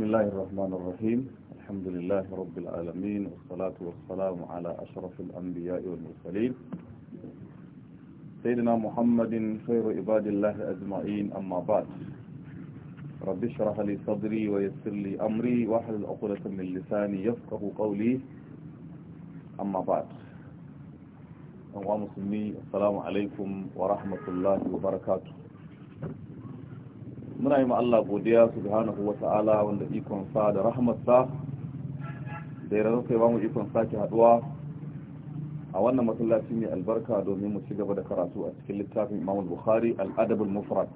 بسم الله الرحمن الرحيم الحمد لله رب العالمين والصلاة والسلام على أشرف الأنبياء والمرسلين سيدنا محمد خير عباد الله أجمعين أما بعد رب اشرح لي صدري ويسر لي أمري واحد الأقلة من لساني يفقه قولي أما بعد أنواع مسلمي السلام عليكم ورحمة الله وبركاته muna yi Allah godiya su hana wa ala wanda ikon sa da rahamarsa da ya rarrafa ba mu ikon ke haduwa a wannan masallaci mai albarka domin mu ci gaba da karatu a cikin littafin imamul Bukhari al'adabin mufrat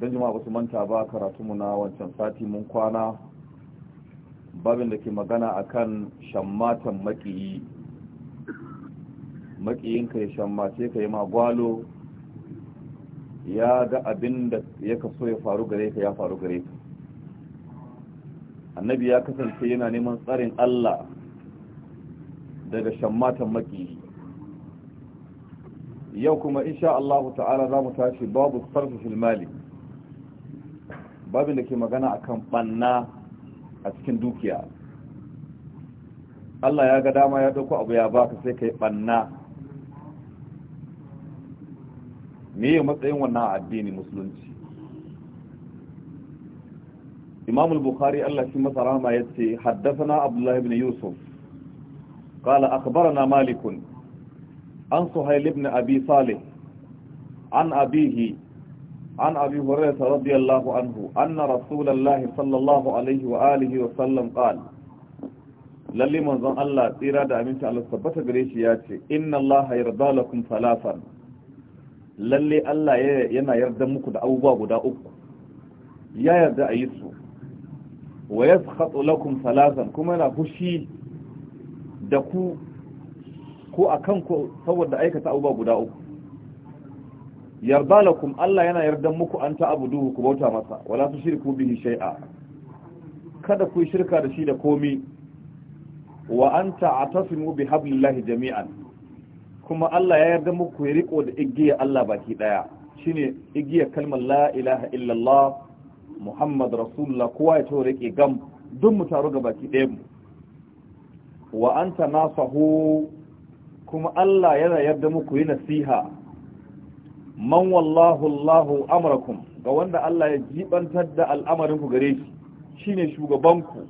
don jama'a ba su manta ba karatu mu na wancan sati mun kwana babin da ke magana a kan shammatan makiyi makiyinka ya shammace ka yi ma gwalo ya ga abin da ya kaso ya faru gare ka ya faru gare ka annabi ya kasance yana neman tsarin Allah daga shammatan maki yau kuma insha Allah ta'ala za mu tashi babu sarfi fil mali babin da ke magana akan banna a cikin dukiya Allah ya ga dama ya dauko abu ya baka sai kai banna me ya matsayin wannan addini musulunci Imamul al-bukhari Allah shi masa rahama yace haddathana abdullah ibn yusuf qala akhbarana malik an suhayl ibn abi salih an abihi an abi hurairah radiyallahu anhu anna rasulullah sallallahu alayhi wa alihi wa sallam qala lalli manzon Allah tsira da abinci Allah tabbata gare shi yace inna allaha yarda lakum salafan lalle Allah yana yarda muku da abubuwa guda uku ya yarda a yi su wa yaskhatu lakum salasan kuma yana fushi da ku ko kan ku saboda aikata abubuwa guda uku yarda lakum Allah yana yarda muku an ta abu duhu ku bauta masa wala shirku bihi shay'a kada ku shirka da shi da komi wa an ta'tasimu bihablillahi jami'an kuma Allah ya yarda muku ya riko da igiya Allah baki daya shine igiyar kalmar la ilaha illallah Muhammad Rasulullah kowa ya tawo rike gam duk mu taro ga baki daya wa anta nasahu kuma Allah yana yarda muku yi nasiha man wallahu Allahu amrakum ga wanda Allah ya jibantar da al'amarin ku gare shi shine shugabanku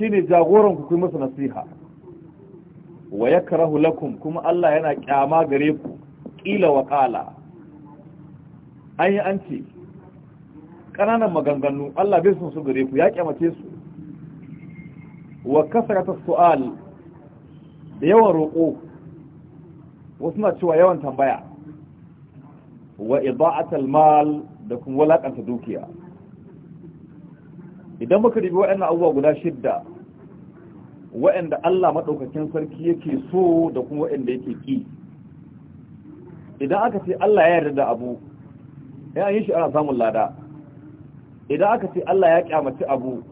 shine jagoranku ku kuma masa nasiha wa yakrahu lakum kuma Allah yana kyama gare ku ƙila wa qala an yi an ce ƙananan maganganu Allah bai sun su gare ku ya kyamace su wa kasarata su'al da yawan roƙo wasu na cewa yawan tambaya wa ida'atal mal da kuma walakanta dukiya idan muka ribi waɗannan abubuwa guda shidda wa'anda Allah maɗaukakin sarki yake so da kuma wa'anda yake ƙi idan aka ce Allah ya yarda da abu ya yi shi ana samun lada idan aka ce Allah ya kyamaci abu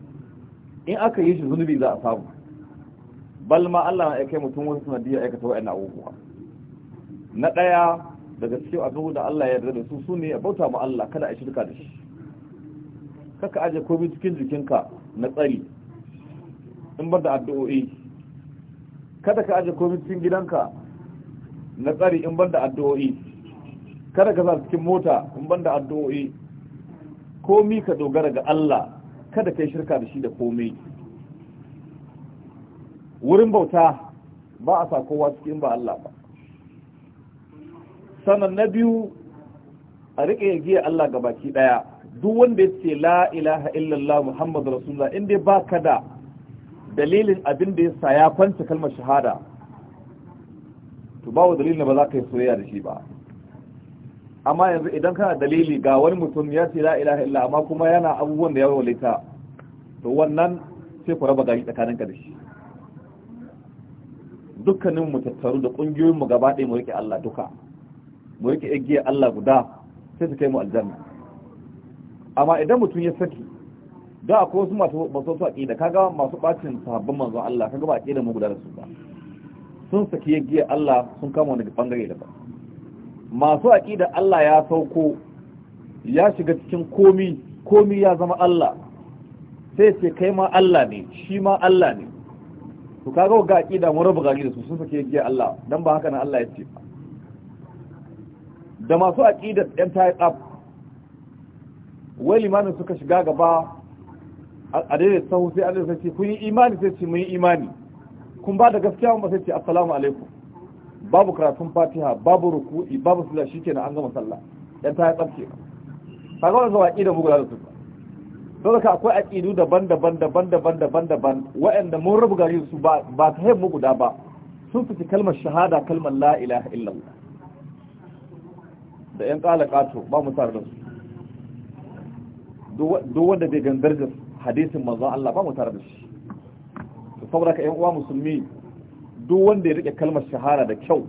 in aka yi shi zunubi za a samu balma Allah na kai mutum wasu sanadiyar aikata wa'anda abubuwa na ɗaya daga cikin abubuwa da Allah ya yarda da su su ne a bauta ma Allah kada a shirka da shi kaka aje komai cikin jikinka na tsari in bar da addu'o'i kada ka aje komai cikin gidanka na tsari in bar da addu'o'i kada ka sa cikin mota in bar da addu'o'i komi ka dogara ga Allah kada ka yi shirka da shi da komai wurin bauta ba a sa kowa cikin ba Allah ba sannan na biyu a riƙe giya Allah ga baki ɗaya duk wanda ya ce la ilaha illallah muhammadu rasulullah in dai ba ka da dalilin abin da ya sa ya kwanta kalmar shahada to bawo dalilin ba za ka yi soyayya da shi ba amma yanzu idan kana dalili ga wani mutum ya ce la ilaha illa amma kuma yana abubuwan da ya walita to wannan sai ku raba gari tsakaninka da shi dukkanin mu tattaru da kungiyoyin mu gaba ɗaya mu rike Allah duka mu rike igiyar Allah guda sai su kai mu aljanna amma idan mutum ya saki da akwai wasu masu basu su aƙida kaga masu bacin sahabban manzon Allah kaga ba aƙida mu guda da rasu ba sun saki a Allah sun kama wani bangare da ba masu aƙida Allah ya sauko ya shiga cikin komi komi ya zama Allah sai ce kai ma Allah ne shi ma Allah ne to kaga ga aƙida mu rabu gari da su sun saki a Allah dan ba haka nan Allah ya ce ba da masu aƙida ɗan tayi tsaf wai limanin suka shiga gaba a daidai sahu sai Allah sai ce kun yi imani sai ce mun yi imani kun ba da gaskiya mun sai ce assalamu alaikum babu karatun fatiha babu ruku'i babu sula shikenan an gama sallah dan ta tsafce ga wannan zuwa aqida mu guda da su da ka akwai aqidu daban-daban daban-daban daban-daban waɗanda mun rubuga gari su ba ba ta mu guda ba sun fice kalmar shahada kalmar la ilaha illallah da yan kalakato ba mu tsara da su duk wanda bai gandar da su hadisin manzon Allah ba mu tare da shi to saboda ka yan uwa musulmi duk wanda ya rike kalmar shahara da kyau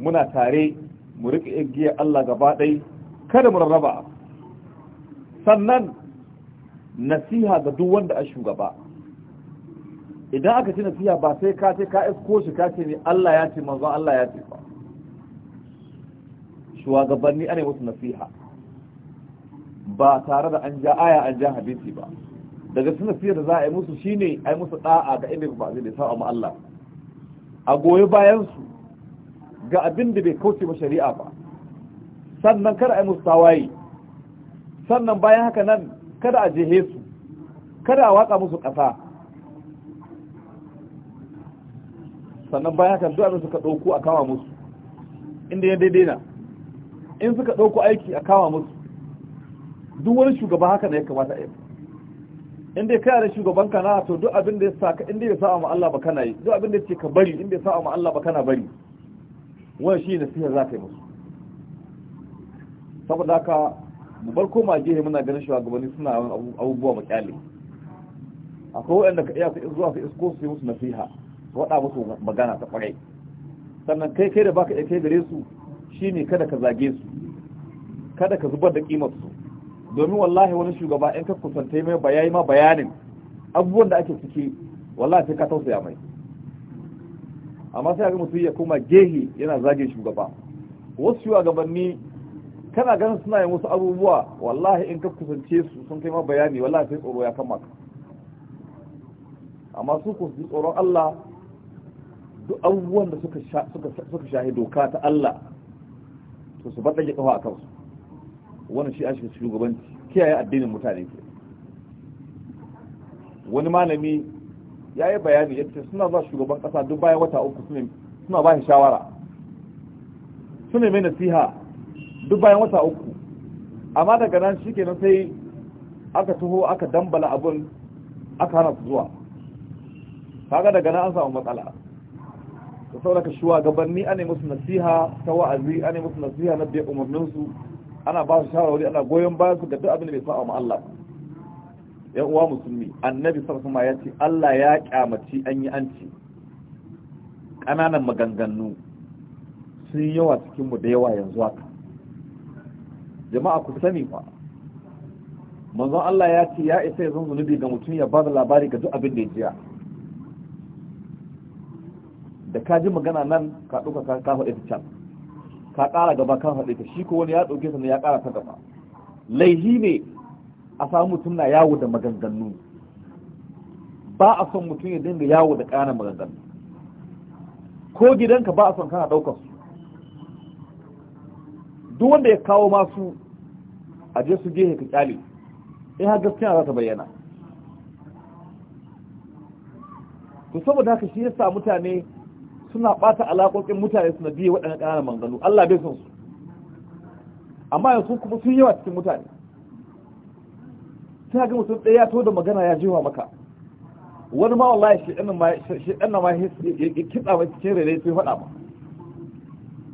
muna tare mu rike igiyar Allah gaba dai kada mu rarraba sannan nasiha ga duk wanda a shugaba idan aka ci nasiha ba sai ka ce ka isko shi ka ce ne Allah ya ce manzon Allah ya ce ba shugabanni ana musu nasiha ba tare da an ja aya an ja hadisi ba daga suna fiye da za a yi musu shi ne a yi musu ɗa'a ga inda ba zai sa amma Allah a goyi bayan su ga abin da bai kauce ma shari'a ba sannan kada a yi musu tawaye sannan bayan haka nan kada a jehe su kada a watsa musu ƙasa sannan bayan haka duk abin suka ɗauko a kama musu inda ya daidai na in suka ɗauko aiki a kama musu duk wani shugaba haka ne ya kamata a yi in dai kai da shugaban kana to duk abin da ya sa in dai ya sa ma Allah ba kana yi duk abin da yake ka bari in dai ya sa ma Allah ba kana bari wannan shi ne sihir zaka yi musu saboda haka mu bar koma gehe muna ganin shugabanni suna yawan abubuwa makyale akwai wanda ka iya zuwa su isko su musu nasiha wada musu magana ta ƙwarai sannan kai kai da baka iya kai gare su shine kada ka zage su kada ka zubar da kimar su domin wallahi wani shugaba in ka kusanta mai bayani ma bayanin abubuwan da ake ciki wallahi sai ka tausaya mai amma sai ga mutum ya koma gehi yana zage shugaba wasu shugabanni kana ganin suna yin wasu abubuwa wallahi in ka kusance su sun kai ma bayani wallahi sai tsoro ya kama ka amma su ku tsoron Allah duk abubuwan da suka shahi doka ta Allah to su baɗaje ƙafa a kansu wannan shi an shiga shugabanci kiyaye addinin mutane ke wani malami ya yi bayani ya ce suna za shugaban kasa duk bayan wata uku suna ba shi shawara suna mai nasiha duk bayan wata uku amma daga nan shi kenan sai aka tuho aka dambala abin aka hana su zuwa kaga daga nan an samu matsala da sauraka shugabanni ana musu nasiha ta wa'azi ana musu nasiha na biya umarninsu ana ba su shawarwari ana goyon ba su ga duk abin da bai saba ma Allah yan uwa musulmi annabi sallallahu alaihi wasallam ya ce Allah ya kyamaci an yi anci kananan maganganu sun yawa cikin mu da yawa yanzu haka jama'a ku sani fa manzon Allah ya ce ya isa ya zan zunubi ga mutum ya ba da labari ga duk abin da ya jiya da ka ji magana nan ka ɗauka ka kafa ita ka ƙara gaba kan haɗe ta shi ko wani ya ɗauke sannan ya ƙara ta gaba laihi ne a samu mutum na yawo da maganganu ba a son mutum ya dinga yawo da ƙana maganganu ko gidanka ba a son kana ɗaukar su duk wanda ya kawo masu a je su gehe ka ƙyale in har gaskiya za ta bayyana to saboda haka shi yasa mutane suna bata alaƙoƙin mutane suna biye waɗannan ƙananan manganu Allah bai sun su amma yanzu kuma sun yawa cikin mutane sai ga mutum ɗaya to da magana ya jewa maka wani ma wallahi shi ɗan ma ya kitsa ba cikin rere sai faɗa ba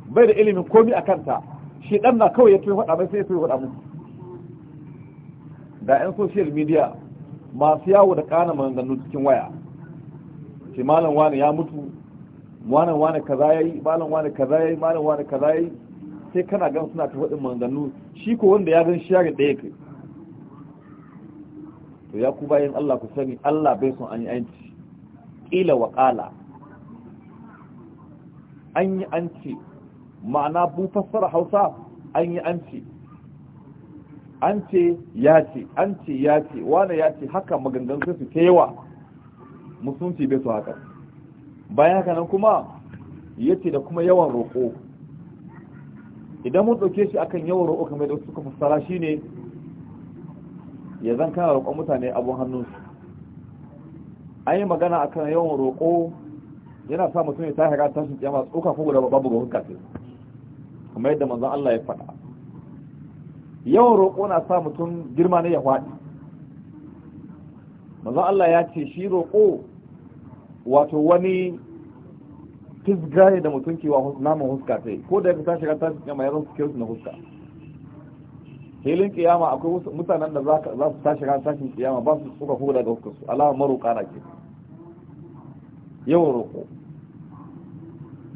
bai da ilimin komai a kanta shi ɗan na kawai ya to faɗa ba sai ya to faɗa musu da ƴan social media masu yawo da ƙananan manganu cikin waya shi malam wani ya mutu wani wani kaza yayi malam wani kaza yayi malam wani kaza yayi sai kana gan suna ta faɗin maganganu shi ko wanda ya gan shi ɗaya kai to ya ku bayan Allah ku sani Allah bai son an yi anci ƙila wa ƙala an yi anci ma'ana bu fassara hausa an yi anci an ce ya ce an ce ya ce wane ya ce haka maganganun su ta yawa musulunci bai so haka bayan haka nan kuma yace da kuma yawan roƙo idan mun ɗauke shi akan yawan roƙo kamar da suka fassara shine ya zan kana roƙon mutane abun hannunsu an yi magana akan yawan roƙo yana sa mutum ya tashi ga tashin kiyama tsoka ko guda babu ga hukka ce kamar yadda manzon Allah ya faɗa yawan roƙo na sa mutum girma ne ya faɗi manzon Allah ya ce shi roƙo wato wani fisga ne da mutum ke wa naman huska sai ko da ya ta shiga ta kiyama ya zan suke na huska helin kiyama akwai mutanen da za su tashi ran tashin kiyama ba su suka ko daga huska su alama maro na ke yawan roƙo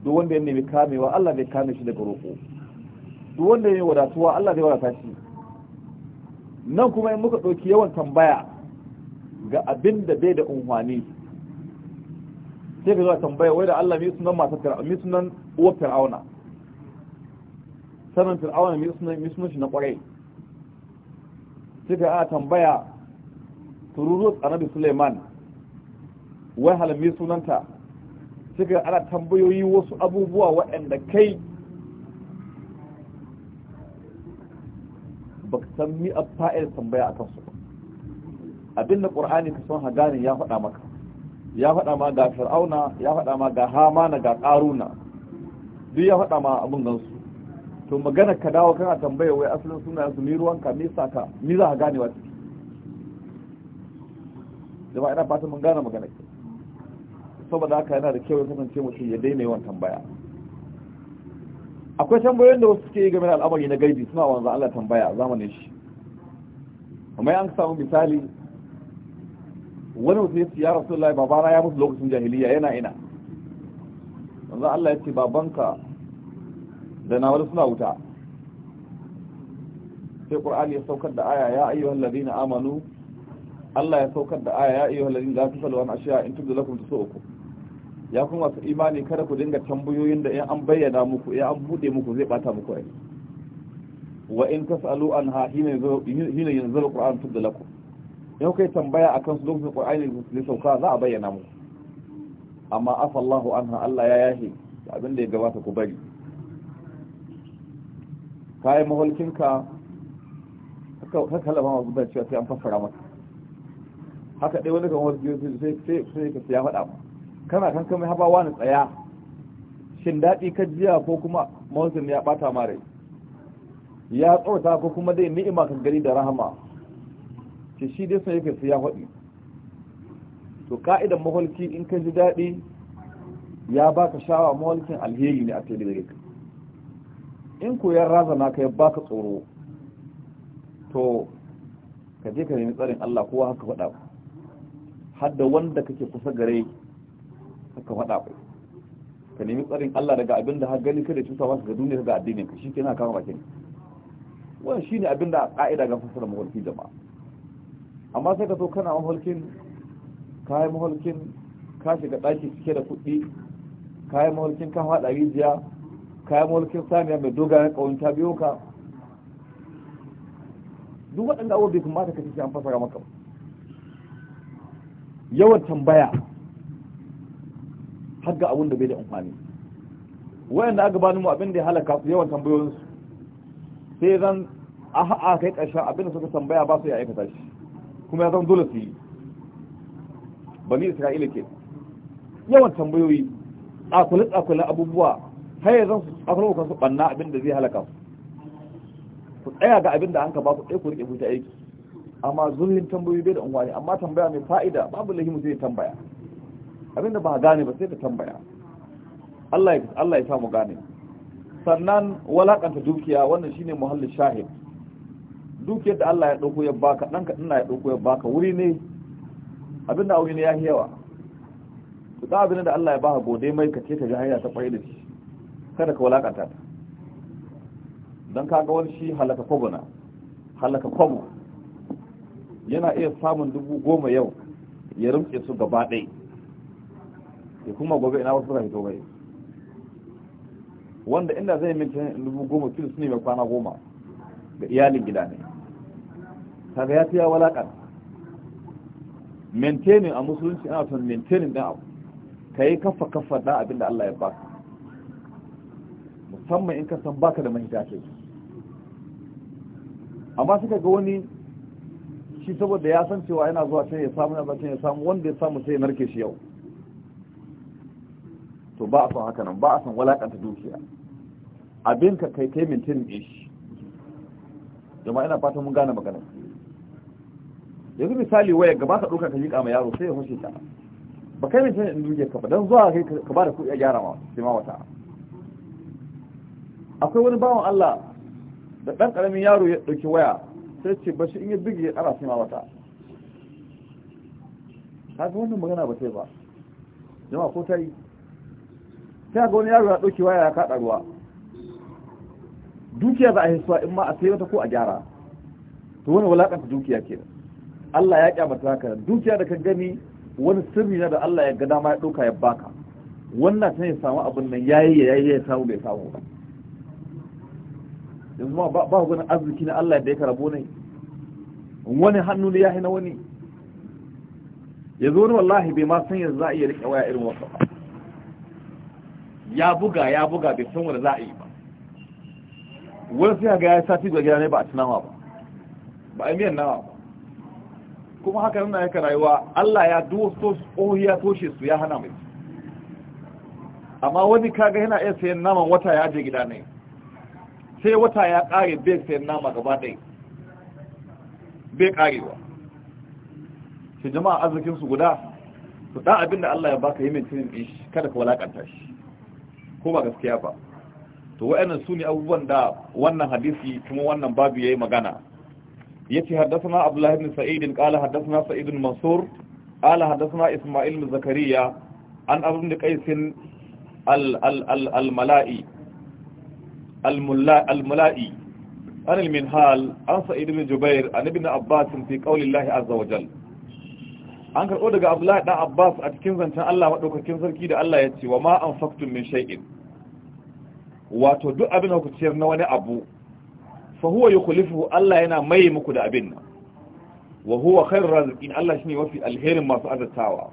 duk wanda ya nemi kamewa Allah bai kame shi daga roƙo duk wanda ya yi wadatuwa Allah bai wadata shi nan kuma in muka ɗauki yawan tambaya ga abin da bai da unhwani sai ka a tambaya wai da Allah mai sunan masu fir'auna mai sunan uwar fir'auna sanin fir'auna mai sunan mai sunan shi na kwarai sai ka a tambaya tururu annabi Suleiman wai hal mai sunanta sai ka ana tambayoyi wasu abubuwa waɗanda kai ba ka san mi a fa'il tambaya a kansu abinda ƙur'ani ka son haganin ya faɗa maka ya faɗa ma ga fir'auna ya faɗa ma ga hamana ga ƙaruna duk ya faɗa ma abin gansu to magana ka dawo kana tambaya wai asalin suna su mi ruwanka mi saka mi za ka gane wa ciki da ba ina fata mun gane magana ke saboda haka yana da kyau ya kasance mutum ya daina yawan tambaya akwai tambayoyin da wasu suke yi game da al'amari na gaibi suna wanzu Allah tambaya zamanin shi amma an samu misali wani mutum ya rasu lai babana ya musu lokacin jahiliya yana ina wanzu Allah ya ce babanka da na wani suna wuta sai Qur'ani ya saukar da aya ya ayyuhal na amanu Allah ya saukar da aya ya ayyuhal ladina su salwa na ashiya in lafi mutu uku ya kuma su imani kada ku dinga tambayoyin da in an bayyana muku in an bude muku zai bata muku rai wa in tasalu an ha hina yanzu da yanzu tun da lafi yau kai tambaya akan su lokacin qur'ani ne sauka za a bayyana mu amma afallahu anha Allah ya yahe abin da ya gabata ku bari kai mahulkinka ka haka lama masu da cewa sai an fassara maka haka dai wani kan wasu sai sai sai ka ya faɗa kana kan kamar haba wani tsaya shin daɗi ka jiya ko kuma mawazin ya ɓata mare ya tsorta ko kuma dai ni'ima kan gari da rahama ce shi dai sun yake siya ya to ka'idan maholki in ka ji daɗi ya baka shawa maholkin alheri ne a sai daga ka in ko ya na ka ya baka tsoro to ka je ka nemi tsarin Allah kowa haka faɗa ku hadda wanda kake kusa gare haka faɗa ku ka nemi tsarin Allah daga abin da har gani kada cuta masa ga duniya ga addinin ka shi kenan kama bakin wannan shine abin da ka'ida ga fasara maholki jama'a amma sai ka so kana mahulkin kayan mahulkin ka shiga ɗaki cike da kuɗi kayan mahulkin ka haɗa rijiya kayan mahulkin saniya mai dogayen ƙaunin ta biyo ka duk waɗanda abubuwa bai kamata ka cikin an fasara maka yawan tambaya har ga abin da bai da amfani wayanda aka bani mu abin da ya halaka su yawan tambayoyinsu sai zan a kai ƙarshen abin da suka tambaya ba su ya aikata shi kuma ya zama dole su yi bani isra'ila ke yawan tambayoyi tsakule tsakule abubuwa har ya zan su kan su banna abin da zai halaka su ku tsaya ga abin da an ka ba ku ɗaya ku riƙe ku ta aiki amma zulhin tambayoyi bai da unwani amma tambaya mai fa'ida babu lahimu zai tambaya abin da ba gane ba sai ka tambaya Allah ya Allah ya sa mu gane sannan walakanta dukiya wannan shine muhallin shahid duk da Allah ya dauko ya baka ɗan ka ina ya dauko ya baka wuri ne abinda aure ne ya yawa to da abinda da Allah ya baka gode mai ka ce ka ji hanya ta da shi kada ka walakanta ta dan kaga wani shi halaka kwabuna halaka kwabu yana iya samun dubu goma yau ya rumke su gaba ɗaya ya kuma gobe ina wasu rahito bai wanda inda zai mintin dubu goma kilo su ne mai kwana goma ga iyalin gida ne kaga ya fiya walakan maintaining a musulunci ana son maintaining ɗin abu ka yi kafa kafa da abinda Allah ya baka musamman in ka san baka da mahita ce amma suka ga wani shi saboda ya san cewa yana zuwa can ya samu na can ya samu wanda ya samu sai ya narke shi yau to ba a son haka nan ba a son walakanta dukiya abin ka kai kai mintin ɗin shi jama'a ina fata mun gane magana yanzu misali waya gaba ka ɗauka ka liƙa ma yaro sai ya fashe ta ba kai mintane in duke ka ba don zuwa kai ka ba da kuɗi a gyara ma sai ma wata akwai wani bawan Allah da ɗan ƙaramin yaro ya ɗauki waya sai ce ba shi in ya bige ya ƙara sai ma wata ga wannan magana ba sai ba jama'a ko ta yi sai ga wani yaro ya ɗauki waya ya kaɗa ruwa dukiya za a hisuwa in ma a sai wata ko a gyara to wani walakanta dukiya kenan Allah ya kyamata haka dukiya da ka gani wani sirri na da Allah ya ga dama ya ɗauka ya baka wannan ta ya samu abin nan yayi ya yayi ya samu bai samu ba yanzu ma ba ku arziki na Allah da ya karabo ne wani hannu ne ya hina wani ya zo wallahi bai ma san yanzu za a iya riƙe waya irin wasa ba ya buga ya buga bai san wani za a yi ba wani sai ga ya sati ga gida ne ba a tunawa ba ba a miyan nawa ba kuma haka nuna yaka rayuwa Allah ya duwaso ohi ya toshe su ya hana mai amma wani kaga yana iya sayan naman wata ya je gida ne sai wata ya kare bai sayan nama gaba ɗai bai karewa shi jama'a arzikinsu guda su ɗan abin da Allah ya baka yi mintin ɗin shi kada ka walakanta shi ko ba gaskiya ba to wa'annan su ne abubuwan da wannan hadisi kuma wannan babu ya yi magana yace haddathana Abdullah ibn Sa'id qala haddathana Sa'id ibn Mansur qala haddathana Isma'il ibn Zakariya an Abu ibn Qais al-Mala'i al-Mula'i an al-Minhal an Sa'id ibn Jubair an ibn Abbas fi qawli Allah azza wa jalla an karɓo daga Abdullahi ɗan Abbas a cikin zancen Allah maɗaukakin sarki da Allah ya ce wa ma an min shay'in wato duk abin da kuciyar na wani abu fa huwa yukhlifu Allah yana mai muku da abin nan wa huwa khairu razikin Allah shine mafi alherin masu azatawa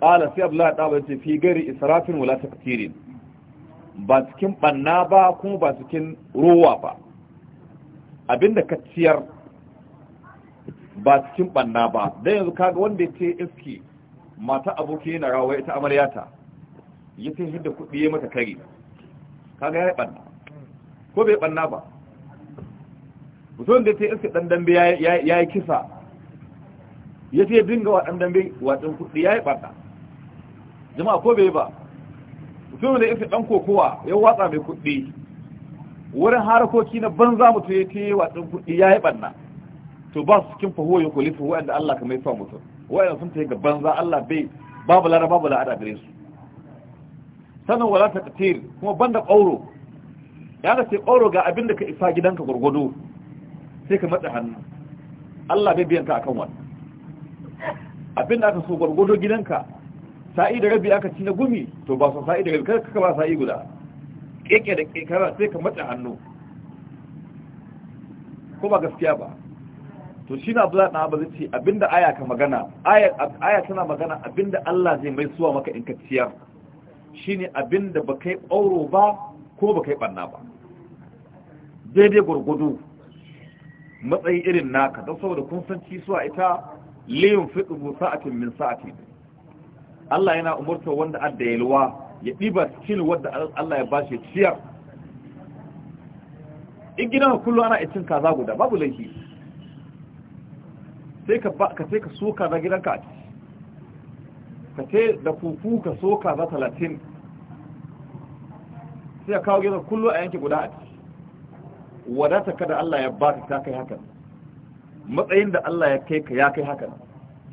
qala sai Abdullah da ce fi gari israfin wala taqtirin ba cikin banna ba kuma ba cikin ruwa ba abinda ka ciyar ba cikin banna ba dan yanzu kaga wanda yace iski mata aboki yana rawaye ita amaryata yace hidda kudi mata kari kaga ya banna ko bai banna ba mutum da ta yi ɗan dambe ya yi kisa ya ce dinga wa ɗan dambe waɗin kuɗi ya yi ɓarɗa jama'a ko bai ba mutum da iska ɗan kokowa ya watsa mai kuɗi wurin harkoki na banza mutum ya ce waɗin kuɗi ya yi ɓarɗa to ba su cikin fahuwa ya kulisa wa'anda Allah kamar ya sa mutum wa'anda sun ta yi ga banza Allah bai babu lara babu la'ada gare su sannan wala ta kuma banda ƙauro ya ga ce ƙauro ga abin da ka isa gidanka gwargwado sai ka matsa hannu Allah bai biyan ka akan wani abin da aka so gwargwado gidanka sa'i da rabi aka ci na gumi to ba su sa'i da rabi kada ka ba sa'i guda keke da kekara sai ka matsa hannu ko ba gaskiya ba to shi na abdullahi na abin ce abinda aya ka magana aya tana magana abinda Allah zai mai suwa maka in ka ciyar shine abinda ba kai ƙauro ba ko ba kai ɓanna ba daidai gwargwado matsayi irin naka don saboda kun san kisuwa ita liyun fiɗu sa'atin min sa'ati Allah yana umurta wanda adda yalwa ya ɗiba cikin wadda Allah ya bashi ciyar in gidan kullum ana cin kaza guda babu laifi sai ka ka sai ka soka na gidanka a ciki ka ce da kuku ka soka za talatin sai ka kawo gidan kullum a yanke guda a ciki wadata ka da Allah ya baka ta kai hakan matsayin da Allah ya kai ka ya kai hakan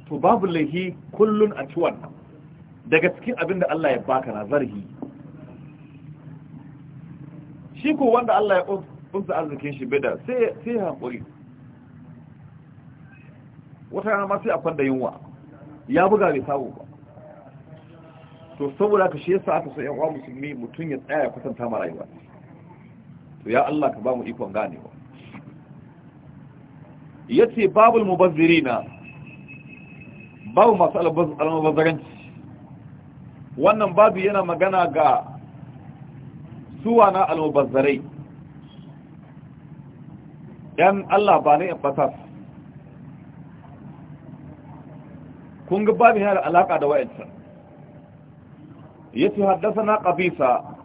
to babu lahi kullun a ci daga cikin abin da Allah ya baka na zarhi shi ko wanda Allah ya kunsa arzikin shi bida sai sai hakuri wata rana ma sai a fanda yunwa ya buga bai samu ba to saboda ka shi yasa aka so yan uwa musulmi mutun ya tsaya ya kusanta ma rayuwa to ya Allah ka ba mu ikon ganewa yace babul mubazzirina babu masu almubazzaranci wannan babu yana magana ga suwa na almubazzarai yan Allah ba ne ya fatar kun ga babu yana da alaka da wa'ancan yace haddasa na qabisa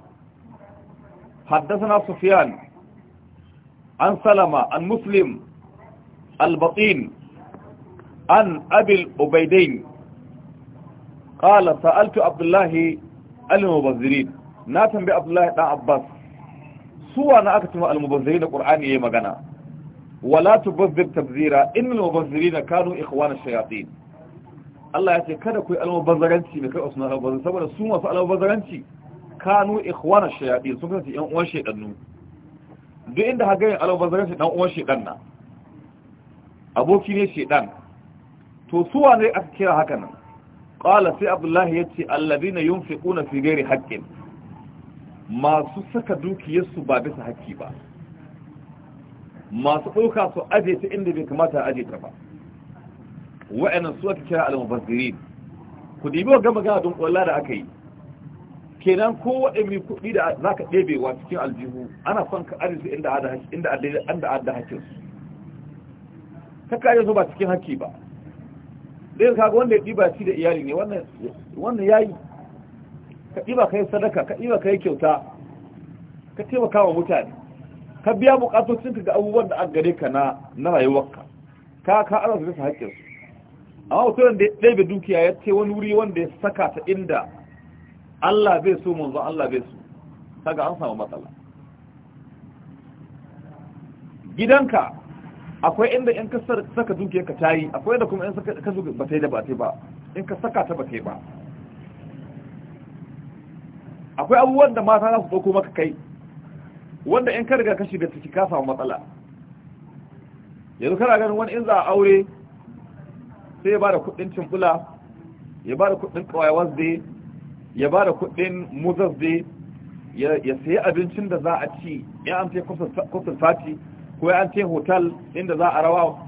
حدثنا سفيان عن سلمة عن مسلم البطين عن أبي الأبيدين قال سألت عبد الله المبذرين ناتن بأبد الله بن عباس سوى أنا أكتم المبذرين القرآن يما قنا ولا تبذر تبذيرا إن المبذرين كانوا إخوان الشياطين الله يتكلم ce kada ku yi almubazzaranci mai kai usman almubazzaranci kanu ikhwana shayatin sun kasance yan uwan shedannu duk inda haga yin albazarin shi dan uwan shedan na aboki ne shedan to su wane aka kira haka nan qala sai abdullahi yace alladina yunfiquna fi ghairi haqqin masu saka dukiyarsu ba bisa haƙƙi ba masu ɗauka su aje ta inda bai kamata a aje ta ba wa'annan su aka kira al mubazzirin ku dibi wa gama gana don ƙwalla da aka yi kenan ko mai kuɗi da za ka ɗebewa cikin aljihu ana son ka arziki inda da hakinsu ta kayan zuba ba cikin haƙƙi ba ɗaya ga wanda ya ɗiba shi da iyali ne wannan ya yi ka ɗiba ka yi sadaka ka ɗiba ka yi kyauta ka taimaka wa mutane ka biya buƙatocinka ga abubuwan da an gare ka na rayuwarka ka ka ana su rasa haƙƙinsu amma mutum da ya ɗebe dukiya ya ce wani wuri wanda ya saka ta inda Allah bai so manzo Allah bai so kaga an samu matsala gidanka akwai inda in ka saka dukiyarka ka tayi, akwai da kuma in ka zuga ba ta da ba ta ba in ka saka ta ba ta ba akwai abubuwan da mata za su ko maka kai wanda in ka riga ka shiga ciki ka samu matsala yanzu kana ganin wani in za a aure sai ya ba da kuɗin cimbula ya ba da kuɗin ƙawayawas da ya ba da kudin muzazze ya sayi abincin da za a ci ya an ce kusur sati ko ya an ce hotel inda za a rawa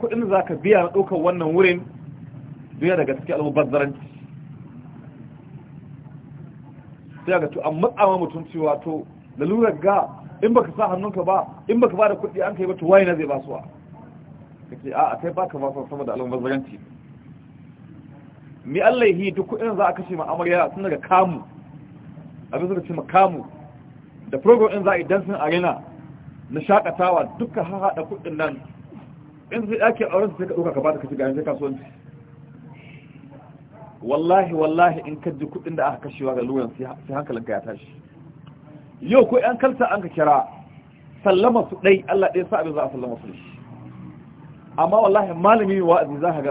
kudin da za ka biya na ɗaukar wannan wurin duniya daga cikin almubazzaranci sai ga tu an matsama mutum cewa to lalurar ga in baka sa hannunka ba in baka ba da kuɗi an kai ba to waye na zai basuwa kace a kai baka ba saboda almubazzaranci mi Allah yi duk kuɗin za a kashe ma amarya sun daga kamu abin suka ce ma kamu da program ɗin za a yi dancing arena na shakatawa duka haɗa kuɗin nan in zai ake auren sai ka ɗauka ka ba kashe garin sai kasuwanci wallahi wallahi in ka ji kuɗin da aka kashewa ga luwan sai hankalin ka ya tashi yau ko an kalta an ka kira sallama su ɗai Allah ɗaya sa abin za a sallama su shi amma wallahi malami wa'azi za a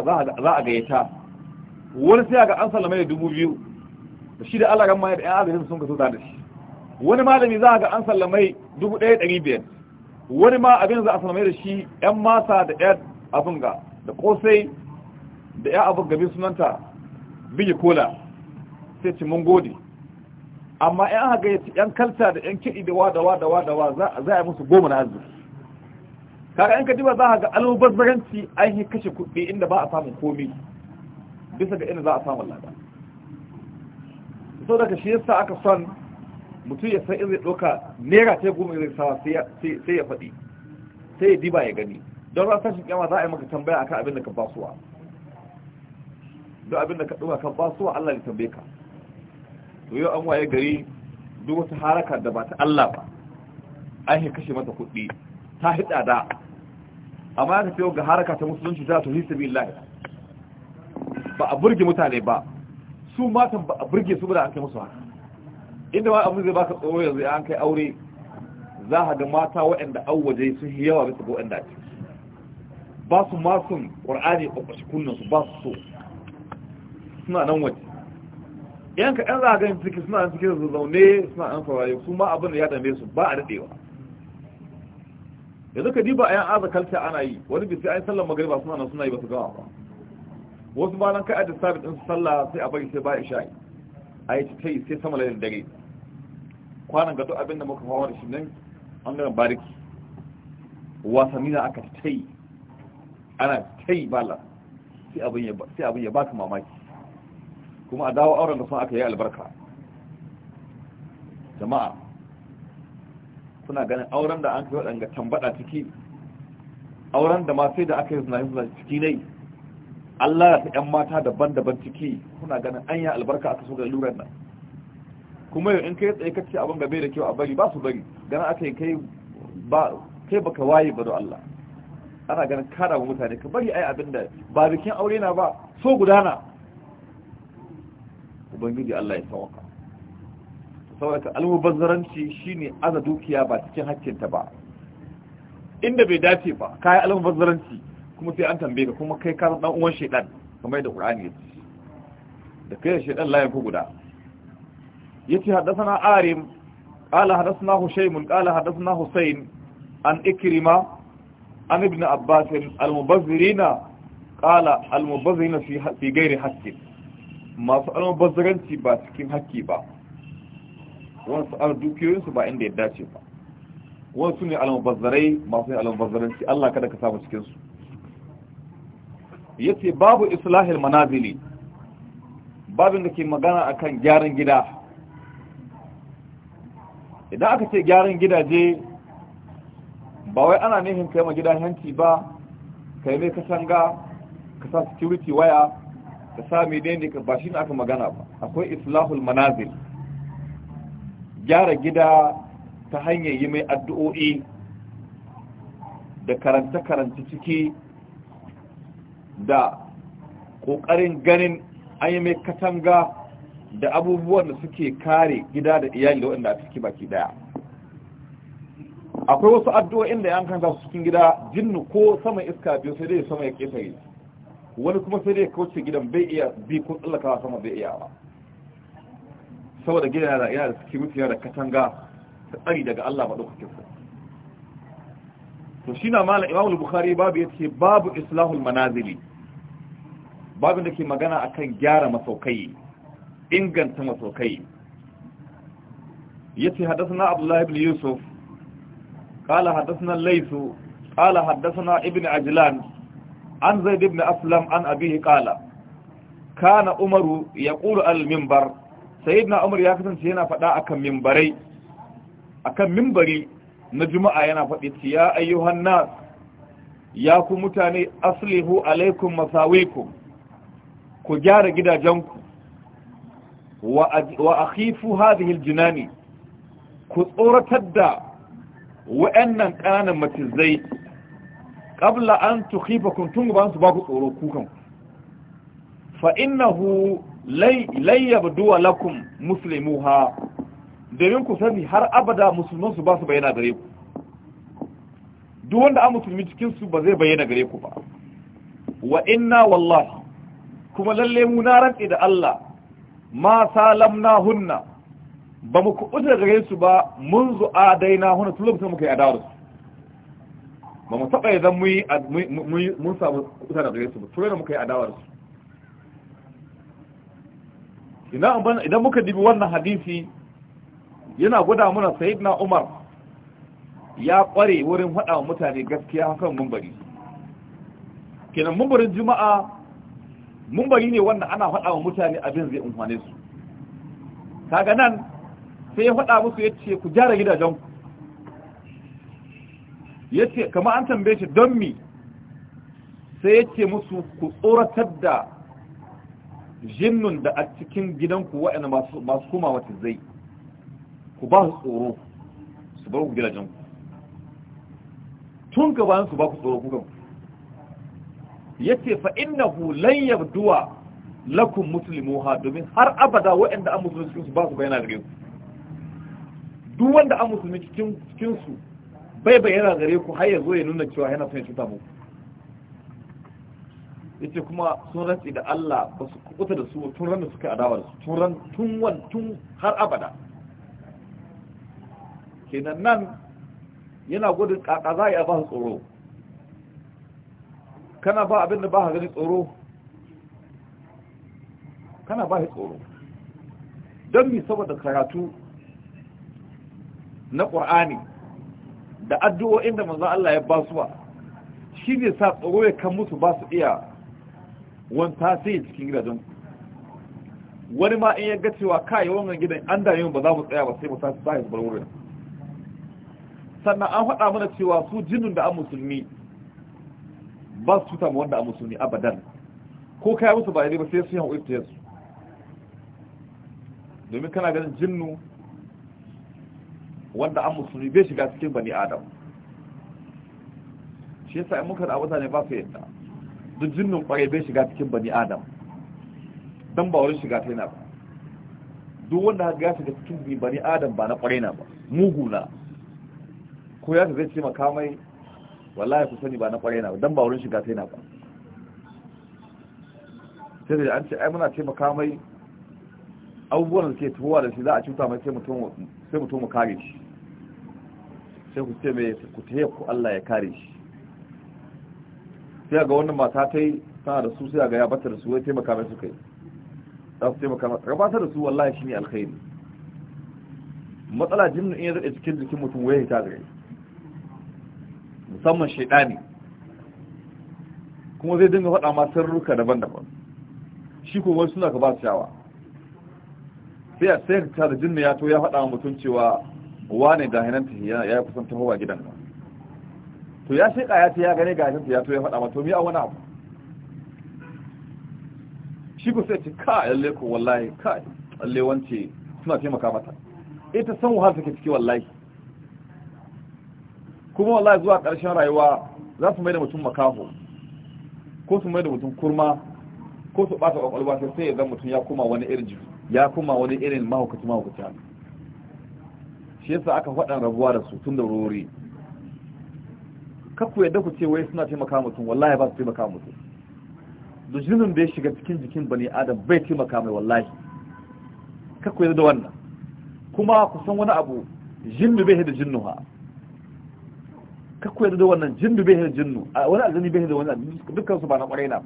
gayyata wani sai ga an sallame da dubu biyu da shi da Allah ramma da ƴan arzikin sun kaso da shi wani malami za ga an sallame dubu ɗaya ɗari biyar wani ma abin za a sallame da shi ƴan masa da ƴan abin ga da kosai da ƴan abin gabi sunanta bigi kola sai ci mun gode amma ƴan haka ya ci ƴan kalta da ƴan kiɗi da wa da wa da wa da wa za a yi musu goma na arziki kaga in ka diba za ka ga almubazzaranci an yi kashe kuɗi inda ba a samun komi bisa ga inda za a samu lada sau daga shi yasa aka son mutum ya san zai ɗauka nera ta goma zai sawa sai ya faɗi sai ya diba ya gani don ran tashin kyama za a yi maka tambaya akan abin da ka basuwa don abin da ka ɗauka kan basuwa Allah ya tambaye ka to yau an waye gari duk wata haraka da ba ta Allah ba an yi kashe mata kuɗi ta hida da amma ya tafiyo ga haraka ta musulunci za ta hisabi billahi ba a burge mutane ba su matan ba a burge su bada da an kai musu haka inda ma abin zai baka tsoro yanzu an kai aure za a ga mata waɗanda an waje sun yi yawa bisa ga waɗanda ake ba su ma sun ƙwar'ani a kunnan su ba su so suna nan waje yan ka yan zagayen ciki suna nan cikin zaune suna nan saurare su ma abin da ya dame su ba a daɗewa yanzu ka diba a yan aza kalta ana yi wani bisa an sallar magariba suna nan suna yi ba su gama ba wasu ba nan kai ajiye sabit din sallah sai a bari sai ba isha'i a yi ta yi sai sama lalin dare kwanan gato abinda muka muka da shi nan an gara bariki wasanni na aka ta yi ana ta yi bala sai abin ya baka mamaki kuma a dawo auren da sun aka yi albarka jama'a suna ganin auren da an kai waɗanda tambada ciki auren da ma sai da aka yi suna suna ciki ne Allah da ƴan mata daban-daban ciki kuna ganin yi albarka aka so ga lura nan kuma yau in kai tsaye ka ce abin gabe da kyau a bari ba su bari gana aka yi kai ba kai baka waye ba Allah ana ganin kada wa mutane ka bari ai abin da ba bikin aure na ba so gudana ubangiji Allah ya sauka saboda almubazzaranci shine aza dukiya ba cikin hakkinta ba inda bai dace ba kai almubazzaranci kuma sai an tambaye ka kuma kai ka dan uwan shedan kamar da Qur'ani ya ce da kai da shedan layin ku guda yace hadathana arim qala hadathana husaym qala hadathana husayn an ikrima an ibn abbas al-mubazzirina qala al-mubazzirina fi fi ghairi haqqi masu al-mubazziranci ba cikin haƙƙi ba wasu su ba inda ya dace ba wasu ne al-mubazzarai masu al-mubazzaranci Allah kada ka samu cikinsu yace babu islahil manazili babin da ke magana akan gyaran gida idan aka ce gyaran gidaje ba wai ana nihin kai ma gida hanci ba kai ne ka katanga ka sa security waya ka sa menene ka ba shi aka magana ba akwai islahul manazil gyara gida ta hanyar yi mai addu'o'i da karanta-karanta ciki da ƙoƙarin ganin an yi mai katanga da abubuwan da suke kare gida da iyali da waɗanda a ciki baki daya akwai wasu addu'o'in da yankan za su cikin gida jinnu ko sama iska biyu sai dai sama ya ƙetare wani kuma sai dai kauce gidan bai iya bi ko tsallakawa sama bai iya ba saboda gidan yana da suke mutu yana da katanga ta tsari daga Allah maɗaukakin sa to shi na malam imamul bukhari babu yace babu islahul manazili babin da ke magana akan gyara masaukai inganta masaukai yace hadathana Abdullahi ibn yusuf qala hadathana laysu qala hadathana ibn ajlan an zaid ibn aslam an abihi qala kana umaru yaqulu al minbar sayyidina umar ya kasance yana fada akan minbarai akan minbari na juma'a yana faɗi ce ya ayyuhan nas ya ku mutane aslihu alaikum masawikum ku gyara gidajenku wa akhifu hadhihi aljinani ku tsoratar da wa'annan ƙananan matizai qabla an tukhifakum tun gaban su ba ku tsoro kukan fa innahu lay yabdu lakum muslimuha domin ku sani har abada musulman su ba su bayyana gare ku duk wanda an musulmi cikin su ba zai bayyana gare ku ba wa inna wallahi kuma lalle mu na rantsi da Allah ma salamna hunna ba mu kuɓuta gare su ba mun zu adaina hunna tun lokacin muka yi adawar ba mu mu idan mun samu kuɓuta da gare su ba tun muka yi adawar su idan muka dibi wannan hadisi yana gwada mana na umar ya kware wurin faɗa mutane gaskiya kan mumbari kenan mumbarin juma'a mumbari ne wanda ana hada wa mutane abin zai umfane su kaga nan sai ya hada musu ya ce ku gyara gidajenku ya ce kama an tambaye shi don mi sai ya ce musu ku tsoratar da jinnun da a cikin gidanku waɗanda masu kuma wata zai ku ba su tsoro su bar ku gidajen ku tun gabanin su ba ku tsoro kuka yace fa innahu lan yabduwa lakum ha domin har abada waɗanda an musulmi cikin su ba su bayyana gare ku duk wanda an musulmi cikin cikin su bai bayyana gare ku har ya zo ya nuna cewa yana son ya cuta yace kuma sun rantsi da Allah ba su kubuta da su tun ran da suka adawa da su tun wan tun har abada kenan nan yana gudun kaka za a yi a tsoro kana ba abin da ba a gani tsoro kana ba shi tsoro don mi saboda karatu na ƙwar'ani da addu'o'in da manzan Allah ya ba su ba shi ne sa tsoro ya kan mutu ba su iya wani tasiri cikin gidajen wani ma in ya ga cewa kai wannan gidan an da ba za mu tsaya ba sai mu tasiri ba ya wurin sannan an faɗa mana cewa su jinin da an musulmi ba su cuta ma wanda an musulmi abadan ko kai musu ba ba sai sun yi hankali ta domin kana ganin jinnu wanda an musulmi bai shiga cikin bani adam shi yasa muka da ne ba su yadda duk jinnun ƙwarai bai shiga cikin bani adam don ba wani shiga ta yana ba duk wanda haka ya shiga cikin bani adam ba na ƙwarai na ba mugu na ko ya zai ce makamai wallahi ku sani ba na kware na dan don ba wurin shiga sai na ba sai da an ce ai muna ce makamai abubuwan da ke tuwa da shi za a cuta mai sai mutum mu kare shi sai ku ce mai ku ta ku Allah ya kare shi sai ga wannan mata ta yi tana da su sai ga ya bata da su wai taimaka mai suka yi za su taimaka mai gabatar da su wallahi shi ne alkhairi matsala jinnu in ya zaɗe cikin jikin mutum wai ya ta gare musamman shaidani kuma zai dinga faɗa ma sirruka daban-daban shi kuma wani suna ka ba su shawa sai a sai ka da jinna ya to ya faɗa ma mutum cewa wane ga hinan ta ya kusan tahowa gidan ba to ya sai ya ta ya gane ga hinan ya to ya faɗa ma to mi a wani abu shi ku sai ce ka lalle ko wallahi ka lalle wance suna taimaka mata ita san wahala take ciki wallahi kuma wallahi zuwa ƙarshen rayuwa za su mai da mutum makaho ko su mai da mutum kurma ko su ɓata ƙwaƙwalwa sai sai ya zama mutum ya kuma wani irin jiki ya kuma wani irin mahaukaci mahaukaci haka shi yasa aka faɗan rabuwa da su tun da rori kakku yadda ku ce wai suna taimaka mutum wallahi ba su taimaka mutum jinin da ya shiga cikin jikin bani adam bai taimaka mai wallahi kakku yadda da wannan kuma ku san wani abu jinnu bai da ha. ka yadda da wannan jinnu bai da jinnu a wani aljani bai da wani dukkan su ba na kwarai na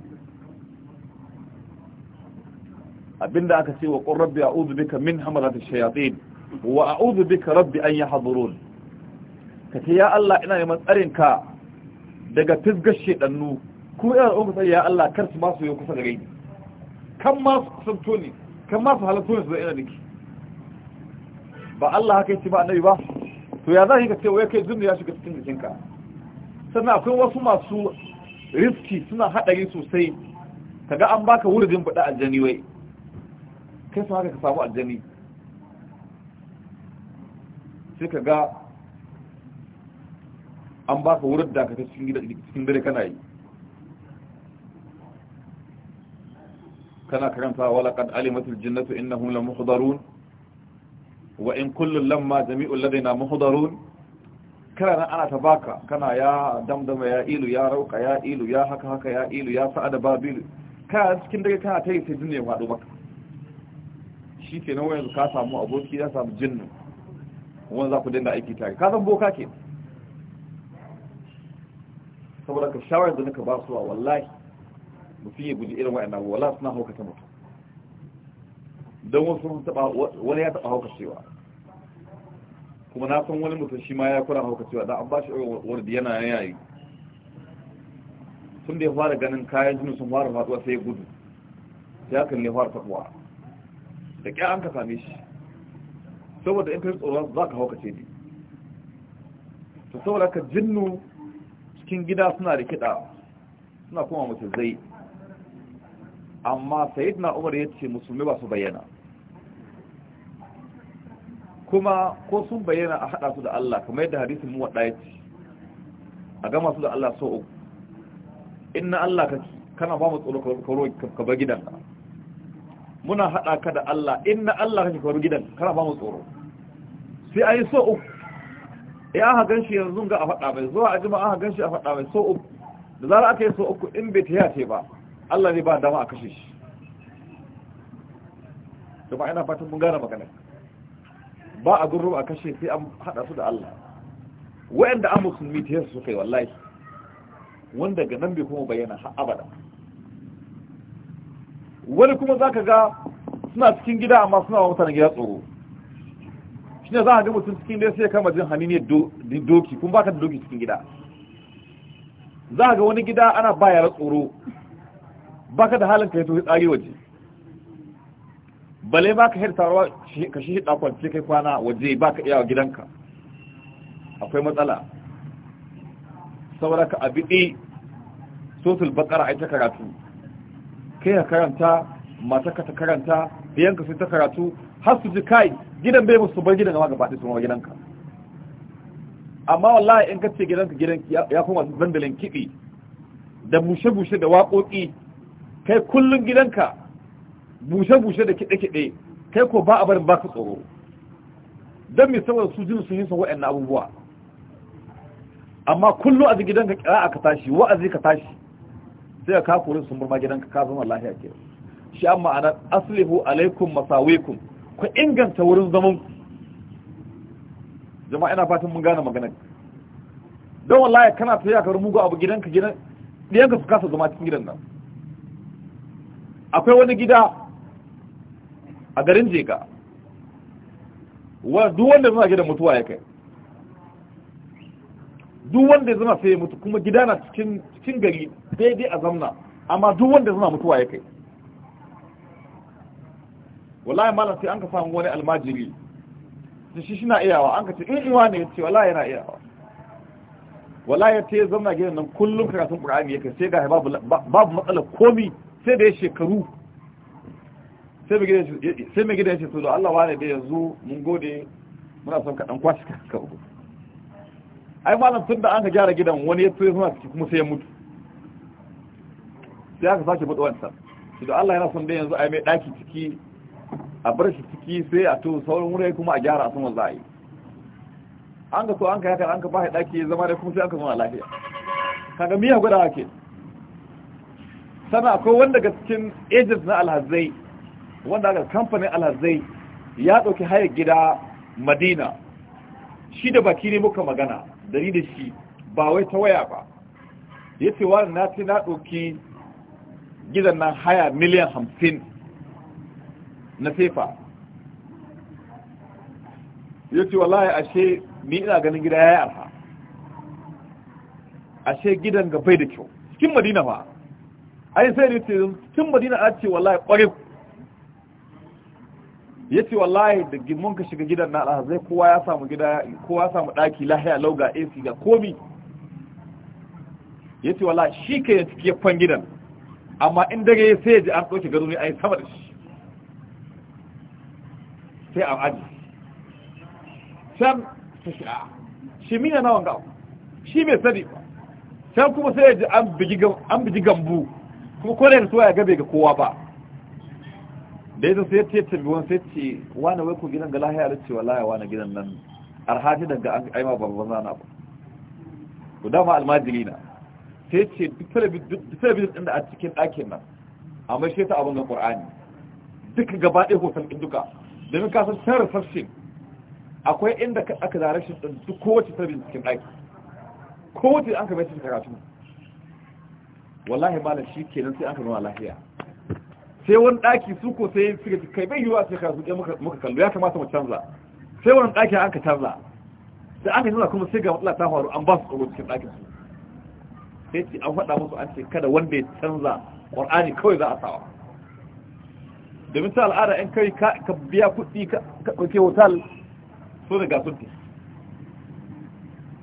abinda aka ce wa qur rabbi a'udhu bika min hamalati shayatin wa a'udhu bika rabbi an yahdurun kace ya Allah ina neman tsarin ka daga fisgar shedannu kuma ina roƙon ka ya Allah kar su ma su yi kusa gare ni kan ma su kusanto ni kan ma su halatto ni su da ina niki ba Allah haka yace ba annabi ba to ya za ka ce wai kai zumbi ya shiga cikin jikinka sannan akwai wasu masu riski suna haɗari sosai kaga an baka wurin faɗa aljani wai kai su haka ka samu aljani sai ka ga an baka wurin da ka cikin dare kana yi kana karanta walaƙad alimatul jinnatu innahum lamuhdarun wa in kullun lamma jami'ul ladaina muhdarun kana nan ana ta baka kana ya damdama ya ilu ya rauka ya ilu ya haka haka ya ilu ya sa'ada babilu kana cikin dare kana ta yi sai jinne ya faɗo maka shi ke nan ka samu aboki ya samu jinnu wanda za ku dinga aiki tare ka san boka ke saboda ka shawarar da naka ba su wa wallahi mutum ya guji irin wa'annan wala suna hauka ta mutum don wasu wani ya taɓa hauka cewa kuma na san wani mutum shi ma ya kura hauka cewa da an ba shi wardi yana yayi tun da ya fara ganin kayan jini sun fara faduwa sai ya gudu ya ne fara faduwa da kya an ka same shi saboda in kai tsoro za ka haukace ne to saboda ka jinnu cikin gida suna da kiɗa suna kuma mace zai amma sayid na umar ya ce musulmi ba su bayyana kuma ko sun bayyana a haɗa su da Allah kamar yadda hadisin mu waɗa ya ce a gama su da Allah so uku inna Allah ka kana ba mu tsoro ka ba gidan muna haɗa ka da Allah inna Allah ka ro gidan kana ba mu tsoro sai a yi so uku ya e, aka ganshi yanzu ga a faɗa mai zuwa a jima'a aka ganshi a faɗa mai so uku da zara aka yi so uku in bai ta yace ba Allah ne ba dama a kashe shi da ba ina fatan mun gane magana ba a gurru a kashe sai an hada su da Allah wa'anda an musulmi ta yasa kai wallahi wanda ga nan bai kuma bayyana har abada wani kuma zaka ga suna cikin gida amma suna wa mutanen gida tsoro shi ne za a ga mutum cikin dai sai kama jin hannu ne doki kuma baka da doki cikin gida za a ga wani gida ana ba yara tsoro baka da halin ka yi tsari waje bale ba ka hair taruwa ka shi hida ce kai kwana waje ba ka iya gidanka akwai matsala saboda ka biɗi sosul bakara a ita karatu kai ka karanta matarka ta karanta ka sai ta karatu har su ji kai gidan bai musu bar gidan gaba ɗaya su ma gidanka amma wallahi in ka ce gidanka gidanki ya kuma zandalin kiɗi da bushe-bushe da waƙoƙi kai kullum gidanka bushe-bushe da kiɗe-kiɗe kai ko ba a barin baka tsoro don mai saboda su jin sun yi sun na abubuwa amma kullum a gidan ka kira ka tashi wa'azi ka tashi sai ka kore sun burma gidan ka ka zama lahiya ke shi amma ana aslihu alaikum masawikum ku inganta wurin zaman ku jama'a ina fatan mun gane maganar don wallahi kana tafiya ka mugu abu gidanka gidan ɗiyanka su kasa zama cikin gidan nan akwai wani gida a garin jega duk wanda zama gidan mutuwa ya kai duk wanda zama sai mutu kuma gida na cikin gari daidai a zamna amma duk wanda zama mutuwa ya kai wallahi malam sai an ka samu wani almajiri da shi shina iyawa an ka ce in iwa ne ya ce wallahi yana iyawa wallahi ya ce zama gidan nan kullum karatun ƙur'ani ya kai sai ga babu matsalar komi sai da ya shekaru sai mai gidan shi su da Allah wane da yanzu mun gode muna son kaɗan kwashi ka uku ai malam tun da an ka gyara gidan wani ya tuye suna ciki kuma sai ya mutu sai aka sake buɗe wansa su da Allah yana son da yanzu a mai ɗaki ciki a bar shi ciki sai a to sauran wurai kuma a gyara a sun wanzu a yi an ka so an ka yaka an ka ba shi ɗaki ya zama da kuma sai an ka zama lafiya kaga miya gwada wake sana akwai wanda ga cikin agent na alhazai wanda aka kamfanin alhazai ya ɗauki haya gida madina shi da baki ne muka magana dari da shi ba wai ta waya ba ya ce wani na ce na ɗauki gidan nan haya miliyan hamsin na sefa ya ce wallahi ashe ni ina ganin gida ya yi arha ashe gidan ga bai da kyau cikin madina ba ai sai ne ce cikin madina a ce wallahi ƙwarai ya ce wallahi da mun ka shiga gidan na zai kowa ya samu gida kowa ya samu ɗaki lahiya lauga ac ga komi ya ce wallahi shi ka ya cikin fan gidan amma in dare ya sai ya ji an ɗauke gado ne a yi sama da shi sai a aji can ta shi a shi mina na wanga shi mai sani can kuma sai ya ji an bigi gambu kuma kone da suwa ya gabe ga kowa ba da ya sai ya tabi wani sai ce wane wai ku gidan ga lahiya da cewa lahiya wani gidan nan arhaji daga an aima babban zana ba ku dama almajiri na sai ce duk talabijin ɗin da a cikin ɗakin nan a mai shi ta abin ga ƙur'ani duka gaba ɗaya hoton ɗin duka domin kasar san reception akwai inda aka zara shi ɗin duk kowace talabijin cikin ɗaki kowace an kamar shi karatu wallahi malam shi kenan sai an kamar lahiya sai wani ɗaki su ko sai suka kai bai yiwa sai ka su muka kallo ya kamata mu canza sai wani ɗaki an ka canza sai an ka canza kuma sai ga matsala ta faru an ba su tsoro cikin ɗakin su sai ce an faɗa musu an ce kada wanda ya canza ƙwar'ani kawai za a sawa domin ta al'ada in kai ka biya kuɗi ka ɗauke hotel so da gasunti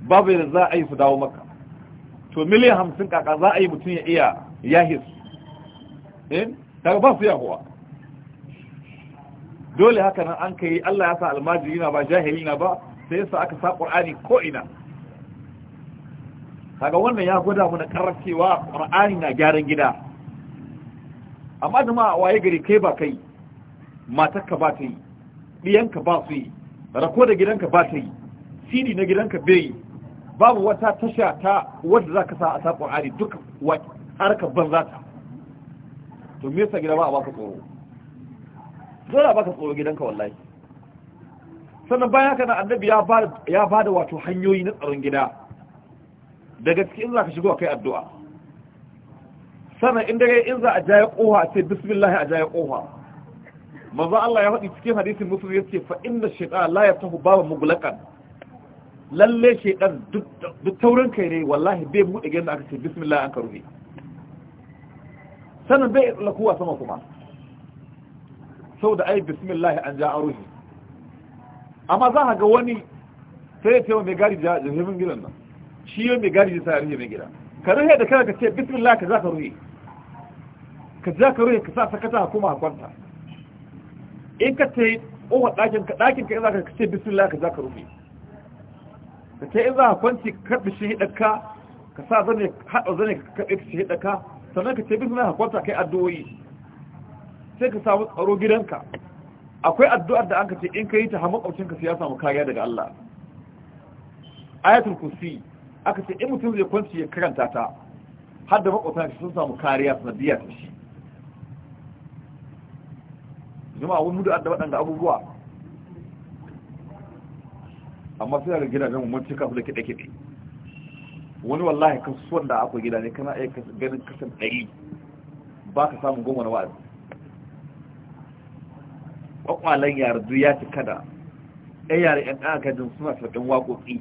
babu yadda za a yi su dawo maka to miliyan hamsin kaka za a yi mutum ya iya yahis Daga ba su yahuwa dole haka nan an kai Allah ya sa almajiri na ba jahili na ba sai yasa aka sa qur'ani ko ina kaga wannan ya gwada mana karancewa qur'ani na gyaran gida amma da ma waye gari kai ba kai matakka ba ta yi ɗiyanka ba su yi rako da gidanka ba ta yi sidi na gidanka bai yi babu wata tasha ta wadda za ka sa a sa ƙwa'ari duk harkar ban ta to me yasa gida ba a baka tsoro dole a baka tsoro gidanka wallahi sannan bayan haka na annabi ya ba ya bada wato hanyoyi na tsaron gida daga cikin in za ka shigo kai addu'a sannan in dare in za a jaya koha a ce bismillah a jaya koha manzo Allah ya faɗi cikin hadisin muslim yace fa inna shaytan la yaftahu baba mughlaqan lalle shaytan duk taurin kai ne wallahi bai mu da aka ce bismillah an ka rufe sannan bai lakuwa sama kuma saboda ai bismillah an ja aruhi amma za ka ga wani sai ya taimaka mai gari da jirgin gidan nan shi yau mai gari da sa rufe mai gida ka rufe da kana ka ce bismillah ka za ka rufe ka za ka rufe ka sa sakata kuma kwanta in ka ce ƙofar ɗakin ka ɗakin ka za ka ce bismillah ka za ka rufe ka ce in za ka kwanci ka karɓi shi hidaka ka sa zane haɗa zane ka karɓi shi hidaka sannan ka ce bisu na hakwanta kai addu'o'i sai ka samu tsaro gidanka akwai addu'ar da an ka ce in ka yi ta hamar ƙaucinka sai ya samu kariya daga Allah ayatul kursi aka ce in mutum zai kwanci ya karanta ta har da shi sun samu kariya sanadiyya ta shi a wani da waɗanda abubuwa amma sai daga gidajen mu mun su da kiɗe-kiɗe wani wallahi kasuwan da akwai gida ne kana iya ganin kasan ɗari ba ka samun goma na wa'azi kwakwalen yardu ya ci kada ɗan yare ɗan agajin suna sarɗin waƙoƙi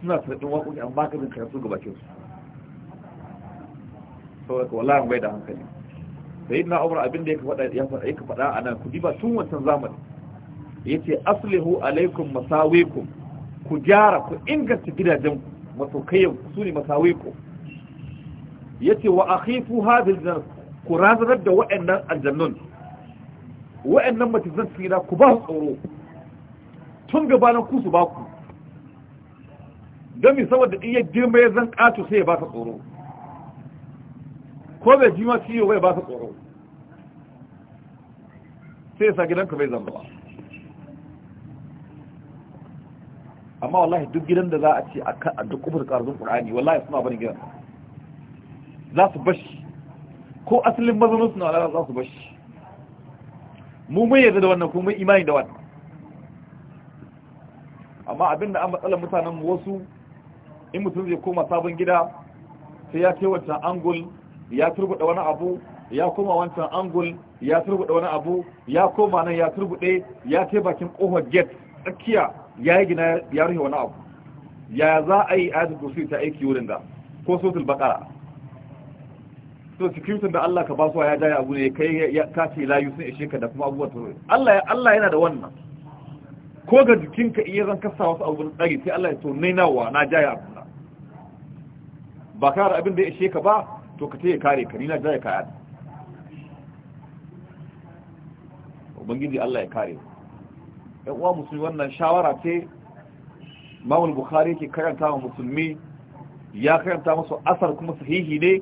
suna sarɗin waƙoƙi an baka jin karatu ga bakinsu saboda wallahi bai da hankali sai na umar abin da ya faɗa ya faɗa ya faɗa a nan kudi ba tun wancan zamani yace aslihu alaikum masawikum ku gyara ku inganta gidajenku matokayin su ne masawiku ya ce wa akhifu hadil jan ku razanar da wa'annan aljannun wa'annan matizan tsira ku ba su tsoro tun gabanin ku su ba ku don saboda iya girma ya zan ƙato sai ya ba su tsoro ko bai jima ciyo bai ba su tsoro sai ya sa gidanka bai zama ba amma wallahi duk gidan da za a ce a duk kufar karzun ƙur'ani wallahi suna barin gidan za su bashi ko asalin mazanin suna wallahi za su bashi mu mai yadda da wannan kuma imani da wannan amma abinda an matsalar mutanen wasu in mutum zai koma sabon gida sai ya ce wancan angul ya turbuɗe wani abu ya koma wancan angul ya turbuɗe wani abu ya koma nan ya turbuɗe ya ce bakin ƙofar gate tsakiya ya yi gina ya rufe wani abu ya za a yi ayatul kursi ta aiki wurin da ko sotul bakara so security da Allah ka ba su ya ja abu ne kai ya kace layu sun ishe ka da kuma abubuwa tsoro Allah Allah yana da wannan ko ga jikinka iya zan kasa wasu abubuwan tsari sai Allah ya to nai nawa na ya abu na ba ka abin da ya ishe ka ba to ka taya kare ka ni na jaya ka yadda ubangiji Allah ya kare ku ɗan uwa musulmi wannan shawara ce mawul bukhari yake karanta wa musulmi ya karanta musu asar kuma sahihi ne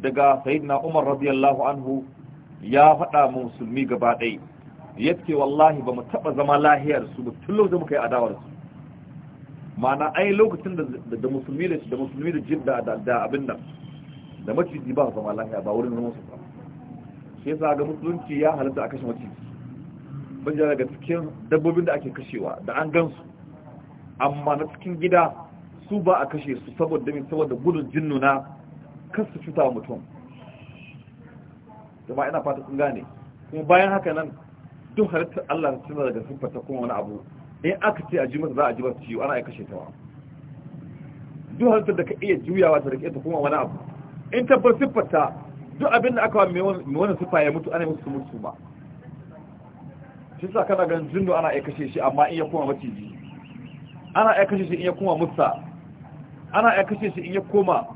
daga sayyidina umar radiyallahu anhu ya faɗa mu musulmi gaba ya ce wallahi ba mu taɓa zama lahiyar su ba tun lokacin muka yi adawar su ma'ana ai lokacin da musulmi da da musulmi da jin da da abin nan da maciji ba zama lahiya ba wurin zaman su ba shi yasa ga musulunci ya halatta a kashe maciji sun daga cikin dabbobin da ake kashewa da an gansu amma na cikin gida su ba a kashe su saboda min saboda gudun jinnuna kan su cuta mutum jama'a ina fata sun gane kuma bayan haka nan duk halittar Allah ta tuna daga siffata kuma wani abu in aka ce a ji masa za a ji masa ciwo ana ya kashe ta wa duk halittar da ka iya juyawa ta rike ta kuma wani abu in tabbar siffata duk abin da aka wa mai wani siffa ya mutu ana musu mutu ba shi sa kana ganin jinnu ana iya shi amma in ya koma maciji ana iya shi in ya koma musa ana iya shi in ya koma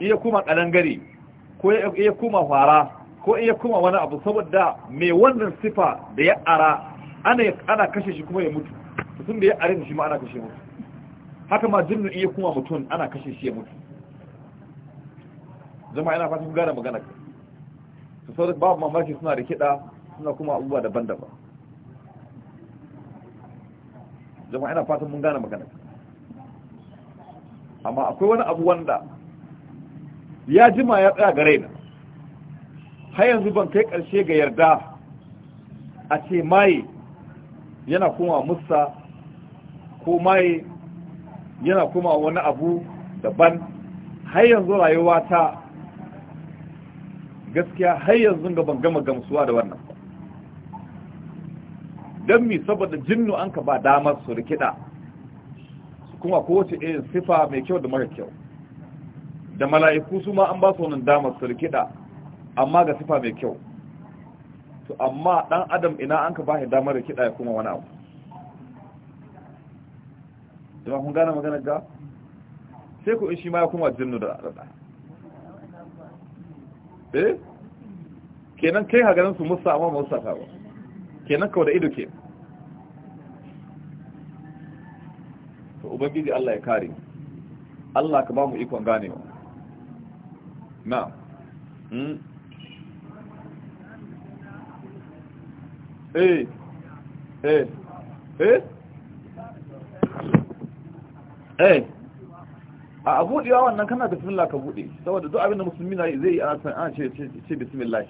in ya koma kalangare ko in ya koma fara ko in ya koma wani abu saboda mai wannan sifa da ya ara ana ana kashe shi kuma ya mutu mutum da ya are shi ma ana kashe mutu haka ma jinnu in ya koma mutum ana kashe shi ya mutu zama ina fatan gane magana ka to saboda babu mamaki suna da kiɗa suna kuma abubuwa daban-daban jama'a ina fatan mun gane magana amma akwai wani abu wanda ya jima ya tsaya ga raina har yanzu ban kai ƙarshe ga yarda a ce maye yana kuma musa ko maye yana kuma wani abu daban har yanzu rayuwa ta gaskiya har yanzu ga ban gama gamsuwa da wannan don mi saboda jinnu an ka ba damar su rikida kuma kowace irin sifa mai kyau da mara kyau da mala'iku su ma an ba su wannan damar su rikida amma ga sifa mai kyau to amma dan adam ina an ka ba shi damar rikida ya kuma wani abu da kun gane maganar ga sai ku in shi ma ya kuma jinnu da rada eh kenan kai ganin su musa amma musa ta ba kenan kawai da ido ke to ubangiji Allah ya kare Allah ka ba mu ikon ganewa na mm eh eh eh eh a abuɗewa wannan kana da bismillah ka buɗe saboda duk abin da musulmi na zai yi ana san ana ce ce bismillah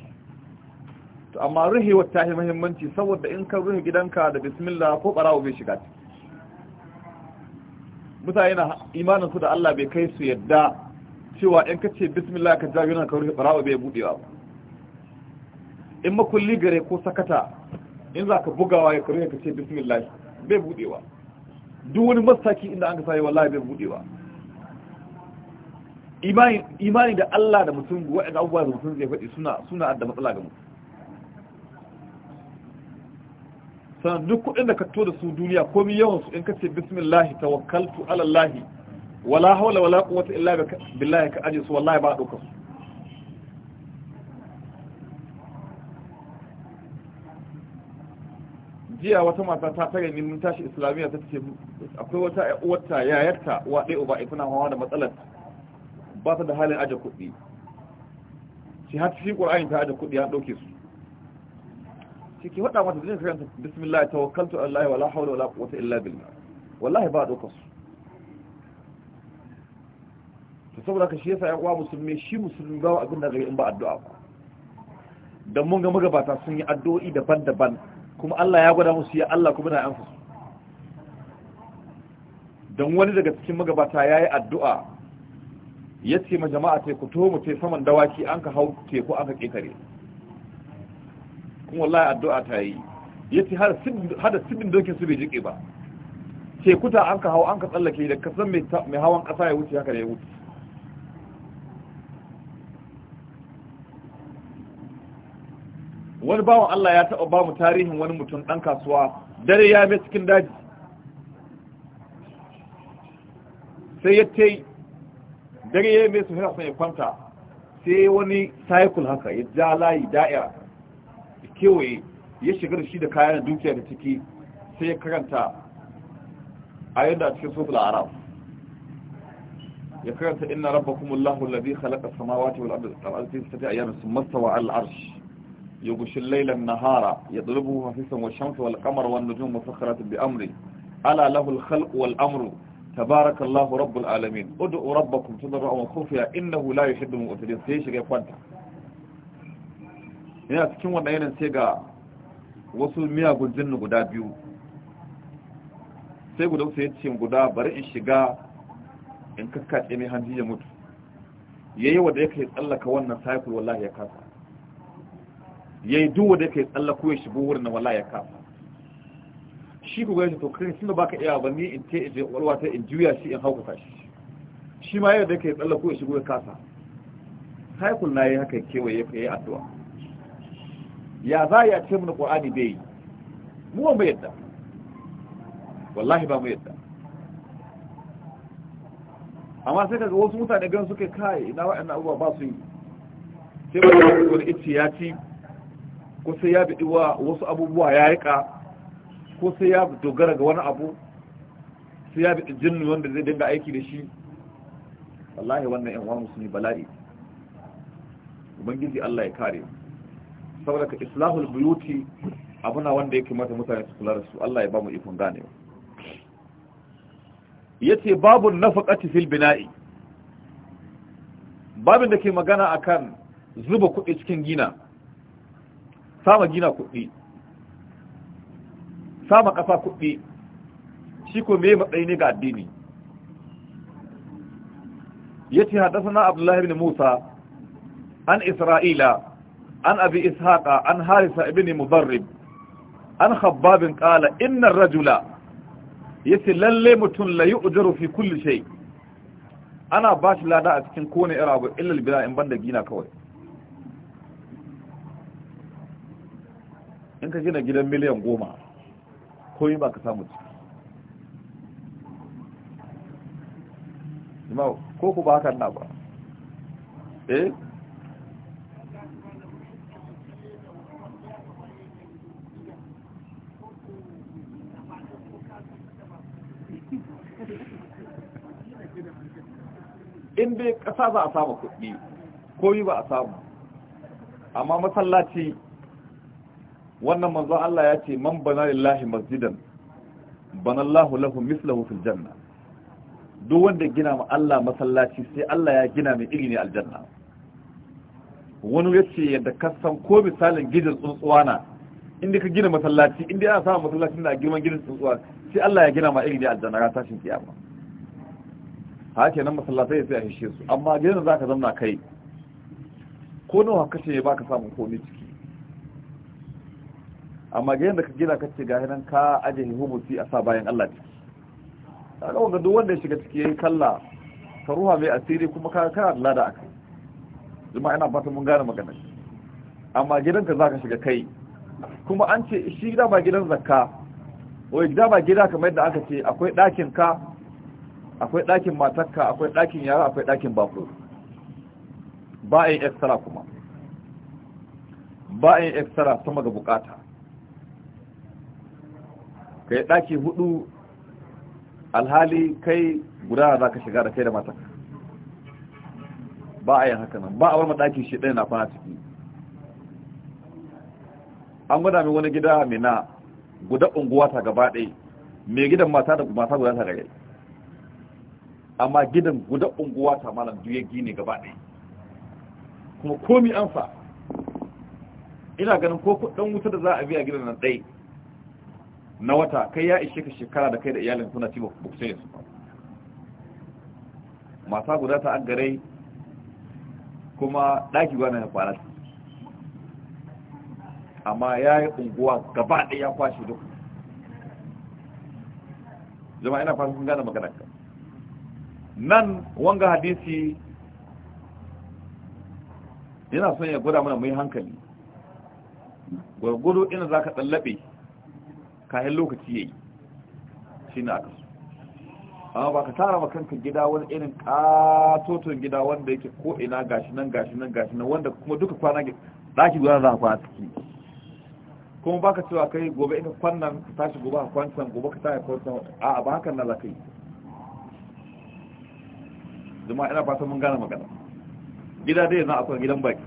amma ruhewar ta yi mahimmanci saboda in kan ruhe gidanka da bismillah ko barawo bai shiga ciki mutane na imanin su da Allah bai kai su yadda cewa in ka ce bismillah ka jawo yana kan ruhe barawo bai buɗe ba in makulli gare ko sakata in za ka bugawa ya karuwa ka ce bismillah bai buɗewa duk wani masaki inda an ka sayi wallahi bai buɗewa imani da Allah da mutum waɗanda abubuwa da mutum zai faɗi suna adda da matsala ga mutum sannan duk kuɗin da ka to da su duniya komi yawan su in ka ce bismillah tawakkaltu ala Allah wala hawla wala quwwata illa billah ka aje su wallahi ba ɗaukar su jiya wata mata ta tare ni mun tashi islamiyya ta ce akwai wata uwarta yayarta wa dai uba ita hawa da matsalar ba ta da halin aje kuɗi shi har cikin qur'ani ta aje kuɗi ya ɗauke su ciki faɗa mata da karanta bismillah tawakkaltu allahi wala hawla wala quwwata illa billah wallahi ba dokar su to saboda ka shi yasa yan uwa musulmi shi musulmi ba abin da gari in ba addu'a ba dan mun ga magabata sun yi addu'o'i daban-daban kuma Allah ya gwada musu ya Allah kuma na amsa dan wani daga cikin magabata yayi addu'a yace ma jama'a ta ku to mu te saman dawaki an ka hau teku ka ketare kuma wallahi addu'a ta yi yace har hada sibin dokin su bai jike ba ce kuta an ka hawo an ka tsallake da kasan mai hawan kasa ya wuce haka da ya wuce wani bawan Allah ya taba ba mu tarihin wani mutum ɗan kasuwa dare ya mai cikin daji sai ya ce dare ya mai su hira sai ya kwanta sai wani cycle haka ya ja layi da'ira kewaye ya shiga da shi da kayan dukiya da ciki sai ya karanta ayyar da cikin sotul arab ya karanta ina rabba kuma khalaqa as-samawati wal arda fi sittati ayyamin a stawa 'ala al-'arsh yughshi al-layla an-nahara yadlubuhu hafisan wash-shamsu wal-qamara wan-nujumu musakhkharatin bi amri ala lahu al-khalqu wal-amru تبارك الله رب العالمين ادعوا ربكم تضرعا وخفيا إنه لا يحب المؤتدين سيشك shiga kwanta. yana cikin wannan yanayin sai ga wasu miyagun jinnu guda biyu sai guda su ya ce guda bari in shiga in kakkace mai hanji ya mutu ya yi wadda yake tsallaka wannan cycle wallahi ya kasa ya yi da ya yake tsallaka ya shigo wurin wallahi ya kasa shi ku gani to kai da baka iya ba ni in ce in je walwa ta in juya shi in hauka shi shi ma yadda yake tsallako ya shigo ya kasa cycle na yi haka kewaye ya yi addu'a ya za ya ce mana ƙwa'ani bai yi mu ba mu yadda wallahi ba mu yadda amma sai kaga wasu mutane gan suke kai ina wa ina abubuwa ba su yi sai ba su wani ice ya ci ko sai ya bidi wa wasu abubuwa ya rika ko sai ya dogara ga wani abu sai ya bidi jinnu wanda zai dinga aiki da shi wallahi wannan yan wani musulmi bala'i ubangiji Allah ya kare mu saboda ka islahul buyuti abuna wanda yake mata mutane su kula da su Allah ya ba mu ikon ganewa yace babu nafaqati fil bina'i babin da ke magana akan zuba kuɗi cikin gina sama gina kuɗi sama ƙasa kuɗi shi ko me matsayi ne ga addini yace na abdullahi ibn musa an isra'ila an abi ishaqa an harisa ibn mubarrib an khabbabin qala inna ar-rajula yace lalle mutum la yu'jaru fi kulli shay ana bashi lada a cikin kowane irin abu illa al-bina gina kawai in dai ƙasa za a samu kuɗi ko yi ba a samu amma masallaci wannan manzon Allah ya ce man bana lillahi masjidan bana Allah lahu mislahu fil janna duk wanda gina ma Allah masallaci sai Allah ya gina mai iri ne aljanna wani ya ce yadda ka san ko misalin gidan tsuntsuwa na inda ka gina masallaci inda ana samun masallacin da girman gidan tsuntsuwa sai Allah ya gina ma iri ne aljanna ra tashin kiyama hake nan masallatai sai a hishe su amma gidan za ka zamna kai ko nawa kashe ya baka samun komi ciki amma gidan da ka gina ka ce ga hinan ka aje humusi a sa bayan Allah ciki kaga wanda duk wanda ya shiga ciki yayin kalla ka ruha mai asiri kuma ka kana da lada akai jama'a ina fata mun gane magana amma gidan za zaka shiga kai kuma an ce shi gida ba gidan zakka wai gida ba gida kamar yadda aka ce akwai ɗakin ka akwai ɗakin matakka akwai ɗakin yara akwai ɗakin bako ba a extra kuma ba a extra sama ga bukata kai ɗaki hudu alhali kai guda za ka shiga da kai da matakka ba a yi haka nan ba a bar mataki shi ɗaya na kwana ciki an gwada mai wani gida mai na guda unguwa ta gaba ɗaya mai gidan mata da mata guda ta gare amma gidan guda unguwa ta malam duk ya gine gaba ɗaya kuma komi an fa ina ganin ko kuɗin wuta da za a biya gidan nan ɗaya na wata kai ya ishe ka shekara da kai da iyalin kuna ci ba ku sai su mata guda ta agarai kuma ɗaki guda na fara amma ya yi unguwa gaba ɗaya ya kwashe duk jama'a ina fara sun gane maganar ka nan wanga hadisi yana son ya gwada mana mai hankali gwargwado ina za ka tsallabe kayan lokaci ya yi shi na aka amma ba ka tara ma kanka gida wani irin katoton gida wanda yake ko'ina gashi nan gashi nan gashi nan wanda kuma duka kwana ɗaki guda za a kwana ciki kuma ba ka cewa kai gobe ina kwannan ka tashi gobe a kwancan gobe ka tashi kwancan a ba hakan na za ka yi jama'a ina fatan mun gane magana gida dai yanzu akwai gidan baki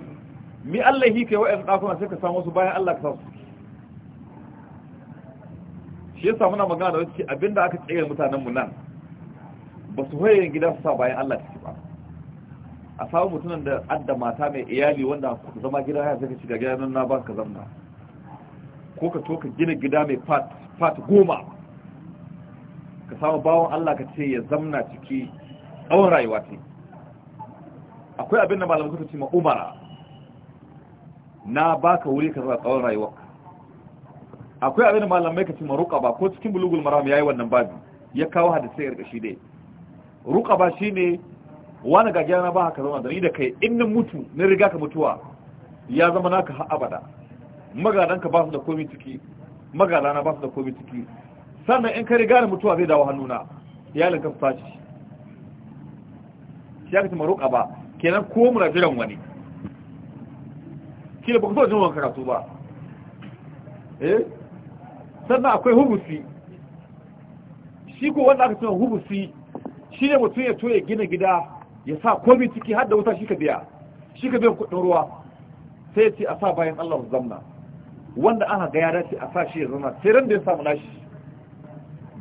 mi Allah yi kai wa'in ɗakuna sai ka samu su bayan Allah ka samu shi yasa muna magana da wasu abinda aka tsaye mutanen mu nan ba su hoye gida su sa bayan Allah ka ba a samu mutanen da adda mata mai iyali wanda ku zama gida ya zaka shiga gida nan na ba ka zamna ko ka to ka gina gida mai fat fat goma ka samu bawon Allah ka ce ya zamna ciki tsawon rayuwa ce akwai abin da malamu kusa ce ma umara na baka wuri ka zaɓa tsawon rayuwa akwai abin da malamai ka ce ma ruka ba ko cikin bulugul maram ya yi wannan babi ya kawo hadisai ya ƙarƙashi dai ruka ba shi ne wani gajiya na ba haka zama da ni da kai in mutu na riga ka mutuwa ya zama naka har abada magadanka ba su da komi ciki magadana ba su da komi ciki sannan in ka riga da mutuwa zai dawo hannuna iyalinka su tashi shi aka ce ba kenan ko muna jiran wani kila ba ku so jin wani karatu ba eh sannan akwai hubusi shi ko wanda aka ce hubusi shi ne mutum ya toye gina gida ya sa komi ciki hada wuta shi ka biya shi ka biya kudin ruwa sai ya ce a sa bayan Allah zamna wanda aka ga ya dace a sa shi ya zama sai ran da ya samu nashi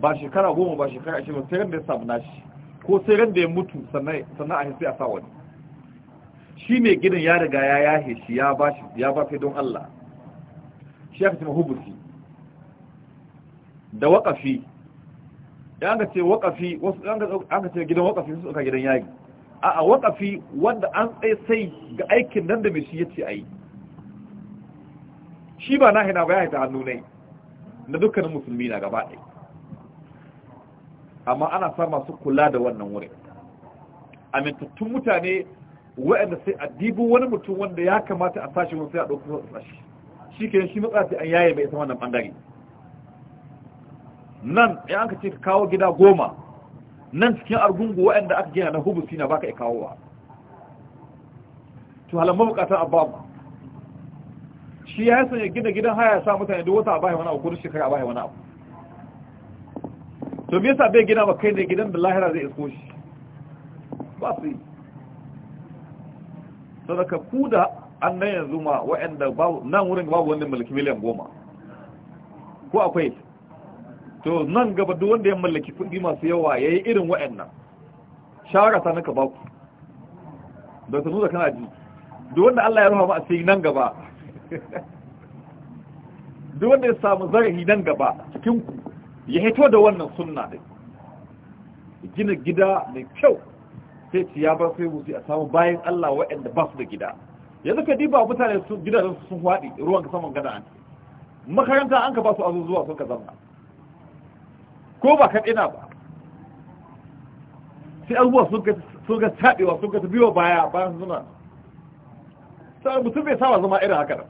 ba shekara goma ba shekara ashirin sai ran da ya samu nashi ko sai ran da ya mutu sannan a sai a sa wani shi mai gidan ya riga ya yahe shi ya ba shi ya ba don Allah shi fi cima mahubusi da waƙafi ya ga ce waƙafi wasu an ga ce gidan waƙafi su suka gidan yagi a a waƙafi wanda an tsaye sai ga aikin nan da mai shi ya ce a yi shi ba na hina ba ya haita hannu ne na dukkanin musulmi na gaba ɗaya amma ana sa masu kula da wannan wurin amintattun mutane waɗanda sai a dibu wani mutum wanda ya kamata a sashi wani sai a ɗauki sashi shi ke shi matsafi sai an yaye mai isa wannan ɓangare nan ya an ka ce ka kawo gida goma nan cikin argungu waɗanda aka gina na hubusi na baka ya kawo wa to halamma mabukatan abamu shi ya yi sanya gina gidan haya ya sa mutane duk wata a bayan wani abu ko shekara a bayan wani abu to me yasa bai gina ba kai ne gidan da lahira zai isko shi ba su yi sadaka ku da an nan yanzu ma wa'anda nan wurin babu wani mulki miliyan goma ko akwai to nan gaba duk wanda ya mallaki kudi masu yawa ya yi irin wa'annan shawara ta naka baku da ta nuna kana ji duk wanda Allah ya rufa ma asiri nan gaba duk wanda ya samu zarafi nan gaba cikin ku ya hito da wannan sunna din gina gida mai kyau sai ci ya bar sai wuce a samu bayan Allah waɗanda ba su da gida yanzu ka diba mutane su gidajen su sun faɗi ruwan ka saman gada an makaranta an ka ba su azuzuwa sun ka zama ko ba ka tsina ba sai abubuwa sun ka sun ka ta sun biyo baya bayan suna sai mutum bai sawa zama irin haka nan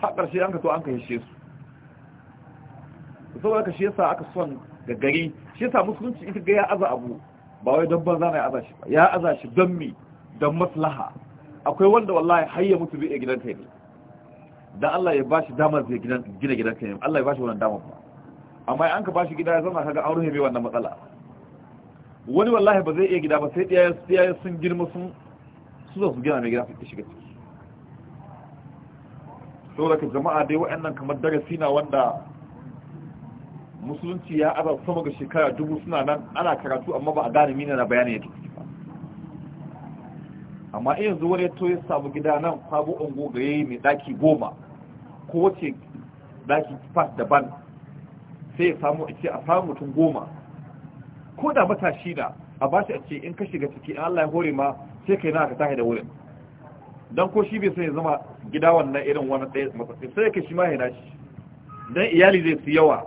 har an ka to an ka hishe su saboda ka shi yasa aka son gaggari shi yasa musulunci ita ga ya aza abu ba wai don banza na ya aza shi ba ya aza shi don mi don maslaha akwai wanda wallahi har ya mutu bai gidan kai ne dan Allah ya bashi damar zai gina gidan kai ne Allah ya bashi wannan damar ba amma an ka bashi gida ya zama kaga an rufe wannan matsala wani wallahi ba zai iya gida ba sai iyayen sun girma sun su zo su gina mai gida su shiga ciki saboda jama'a dai wa'annan kamar darasi na wanda musulunci ya aza sama ga shekara dubu suna nan ana karatu amma ba a gane mina na bayani ya tafi ba amma iya yanzu ne to ya samu gida nan kwabo ungo yayi mai daki goma ko wace daki fas daban sai ya samu a ce a samu mutum goma ko da matashi na a ba shi a ce in ka shiga ciki in Allah ya hore ma sai kai na ka tahi da wurin don ko shi bai sai zama gida wannan irin wani ɗaya matsatsi sai ka shi ma yana shi don iyali zai su yawa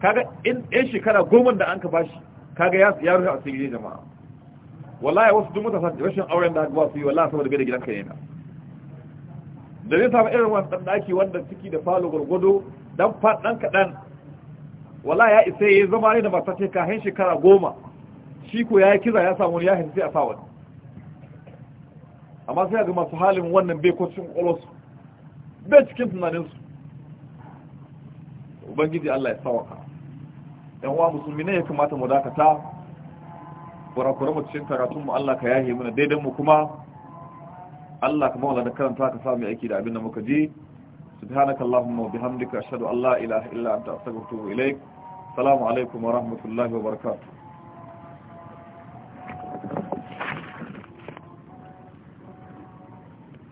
kaga in ɗan shekara goma da an ka bashi kaga ya ya rufe cikin gidan jama'a wallahi wasu duk mutasa rashin auren da ba su yi wallahi saboda bai da ka yana da zai samu irin wani ɗan ɗaki wanda ciki da falo gwargwado dan faɗan kaɗan wallahi ya isa ya zama ne da matar ka hin shekara goma shi ko ya yi kiza ya samu ya hin sai a sa wani amma sai ga masu halin wannan bai kwacin ƙwalosu bai cikin tunaninsu ubangiji Allah ya sawaka yan wa musulmi ne ya kamata mu dakata kurakure mu cikin karatun mu Allah ka yahe mana daidan mu kuma Allah ka wala da karanta ka sami aiki da abin da muka ji subhanaka allahumma wa bihamdika ashhadu an la ilaha illa anta astaghfiruka wa atubu ilaik assalamu alaikum wa rahmatullahi wa barakatuh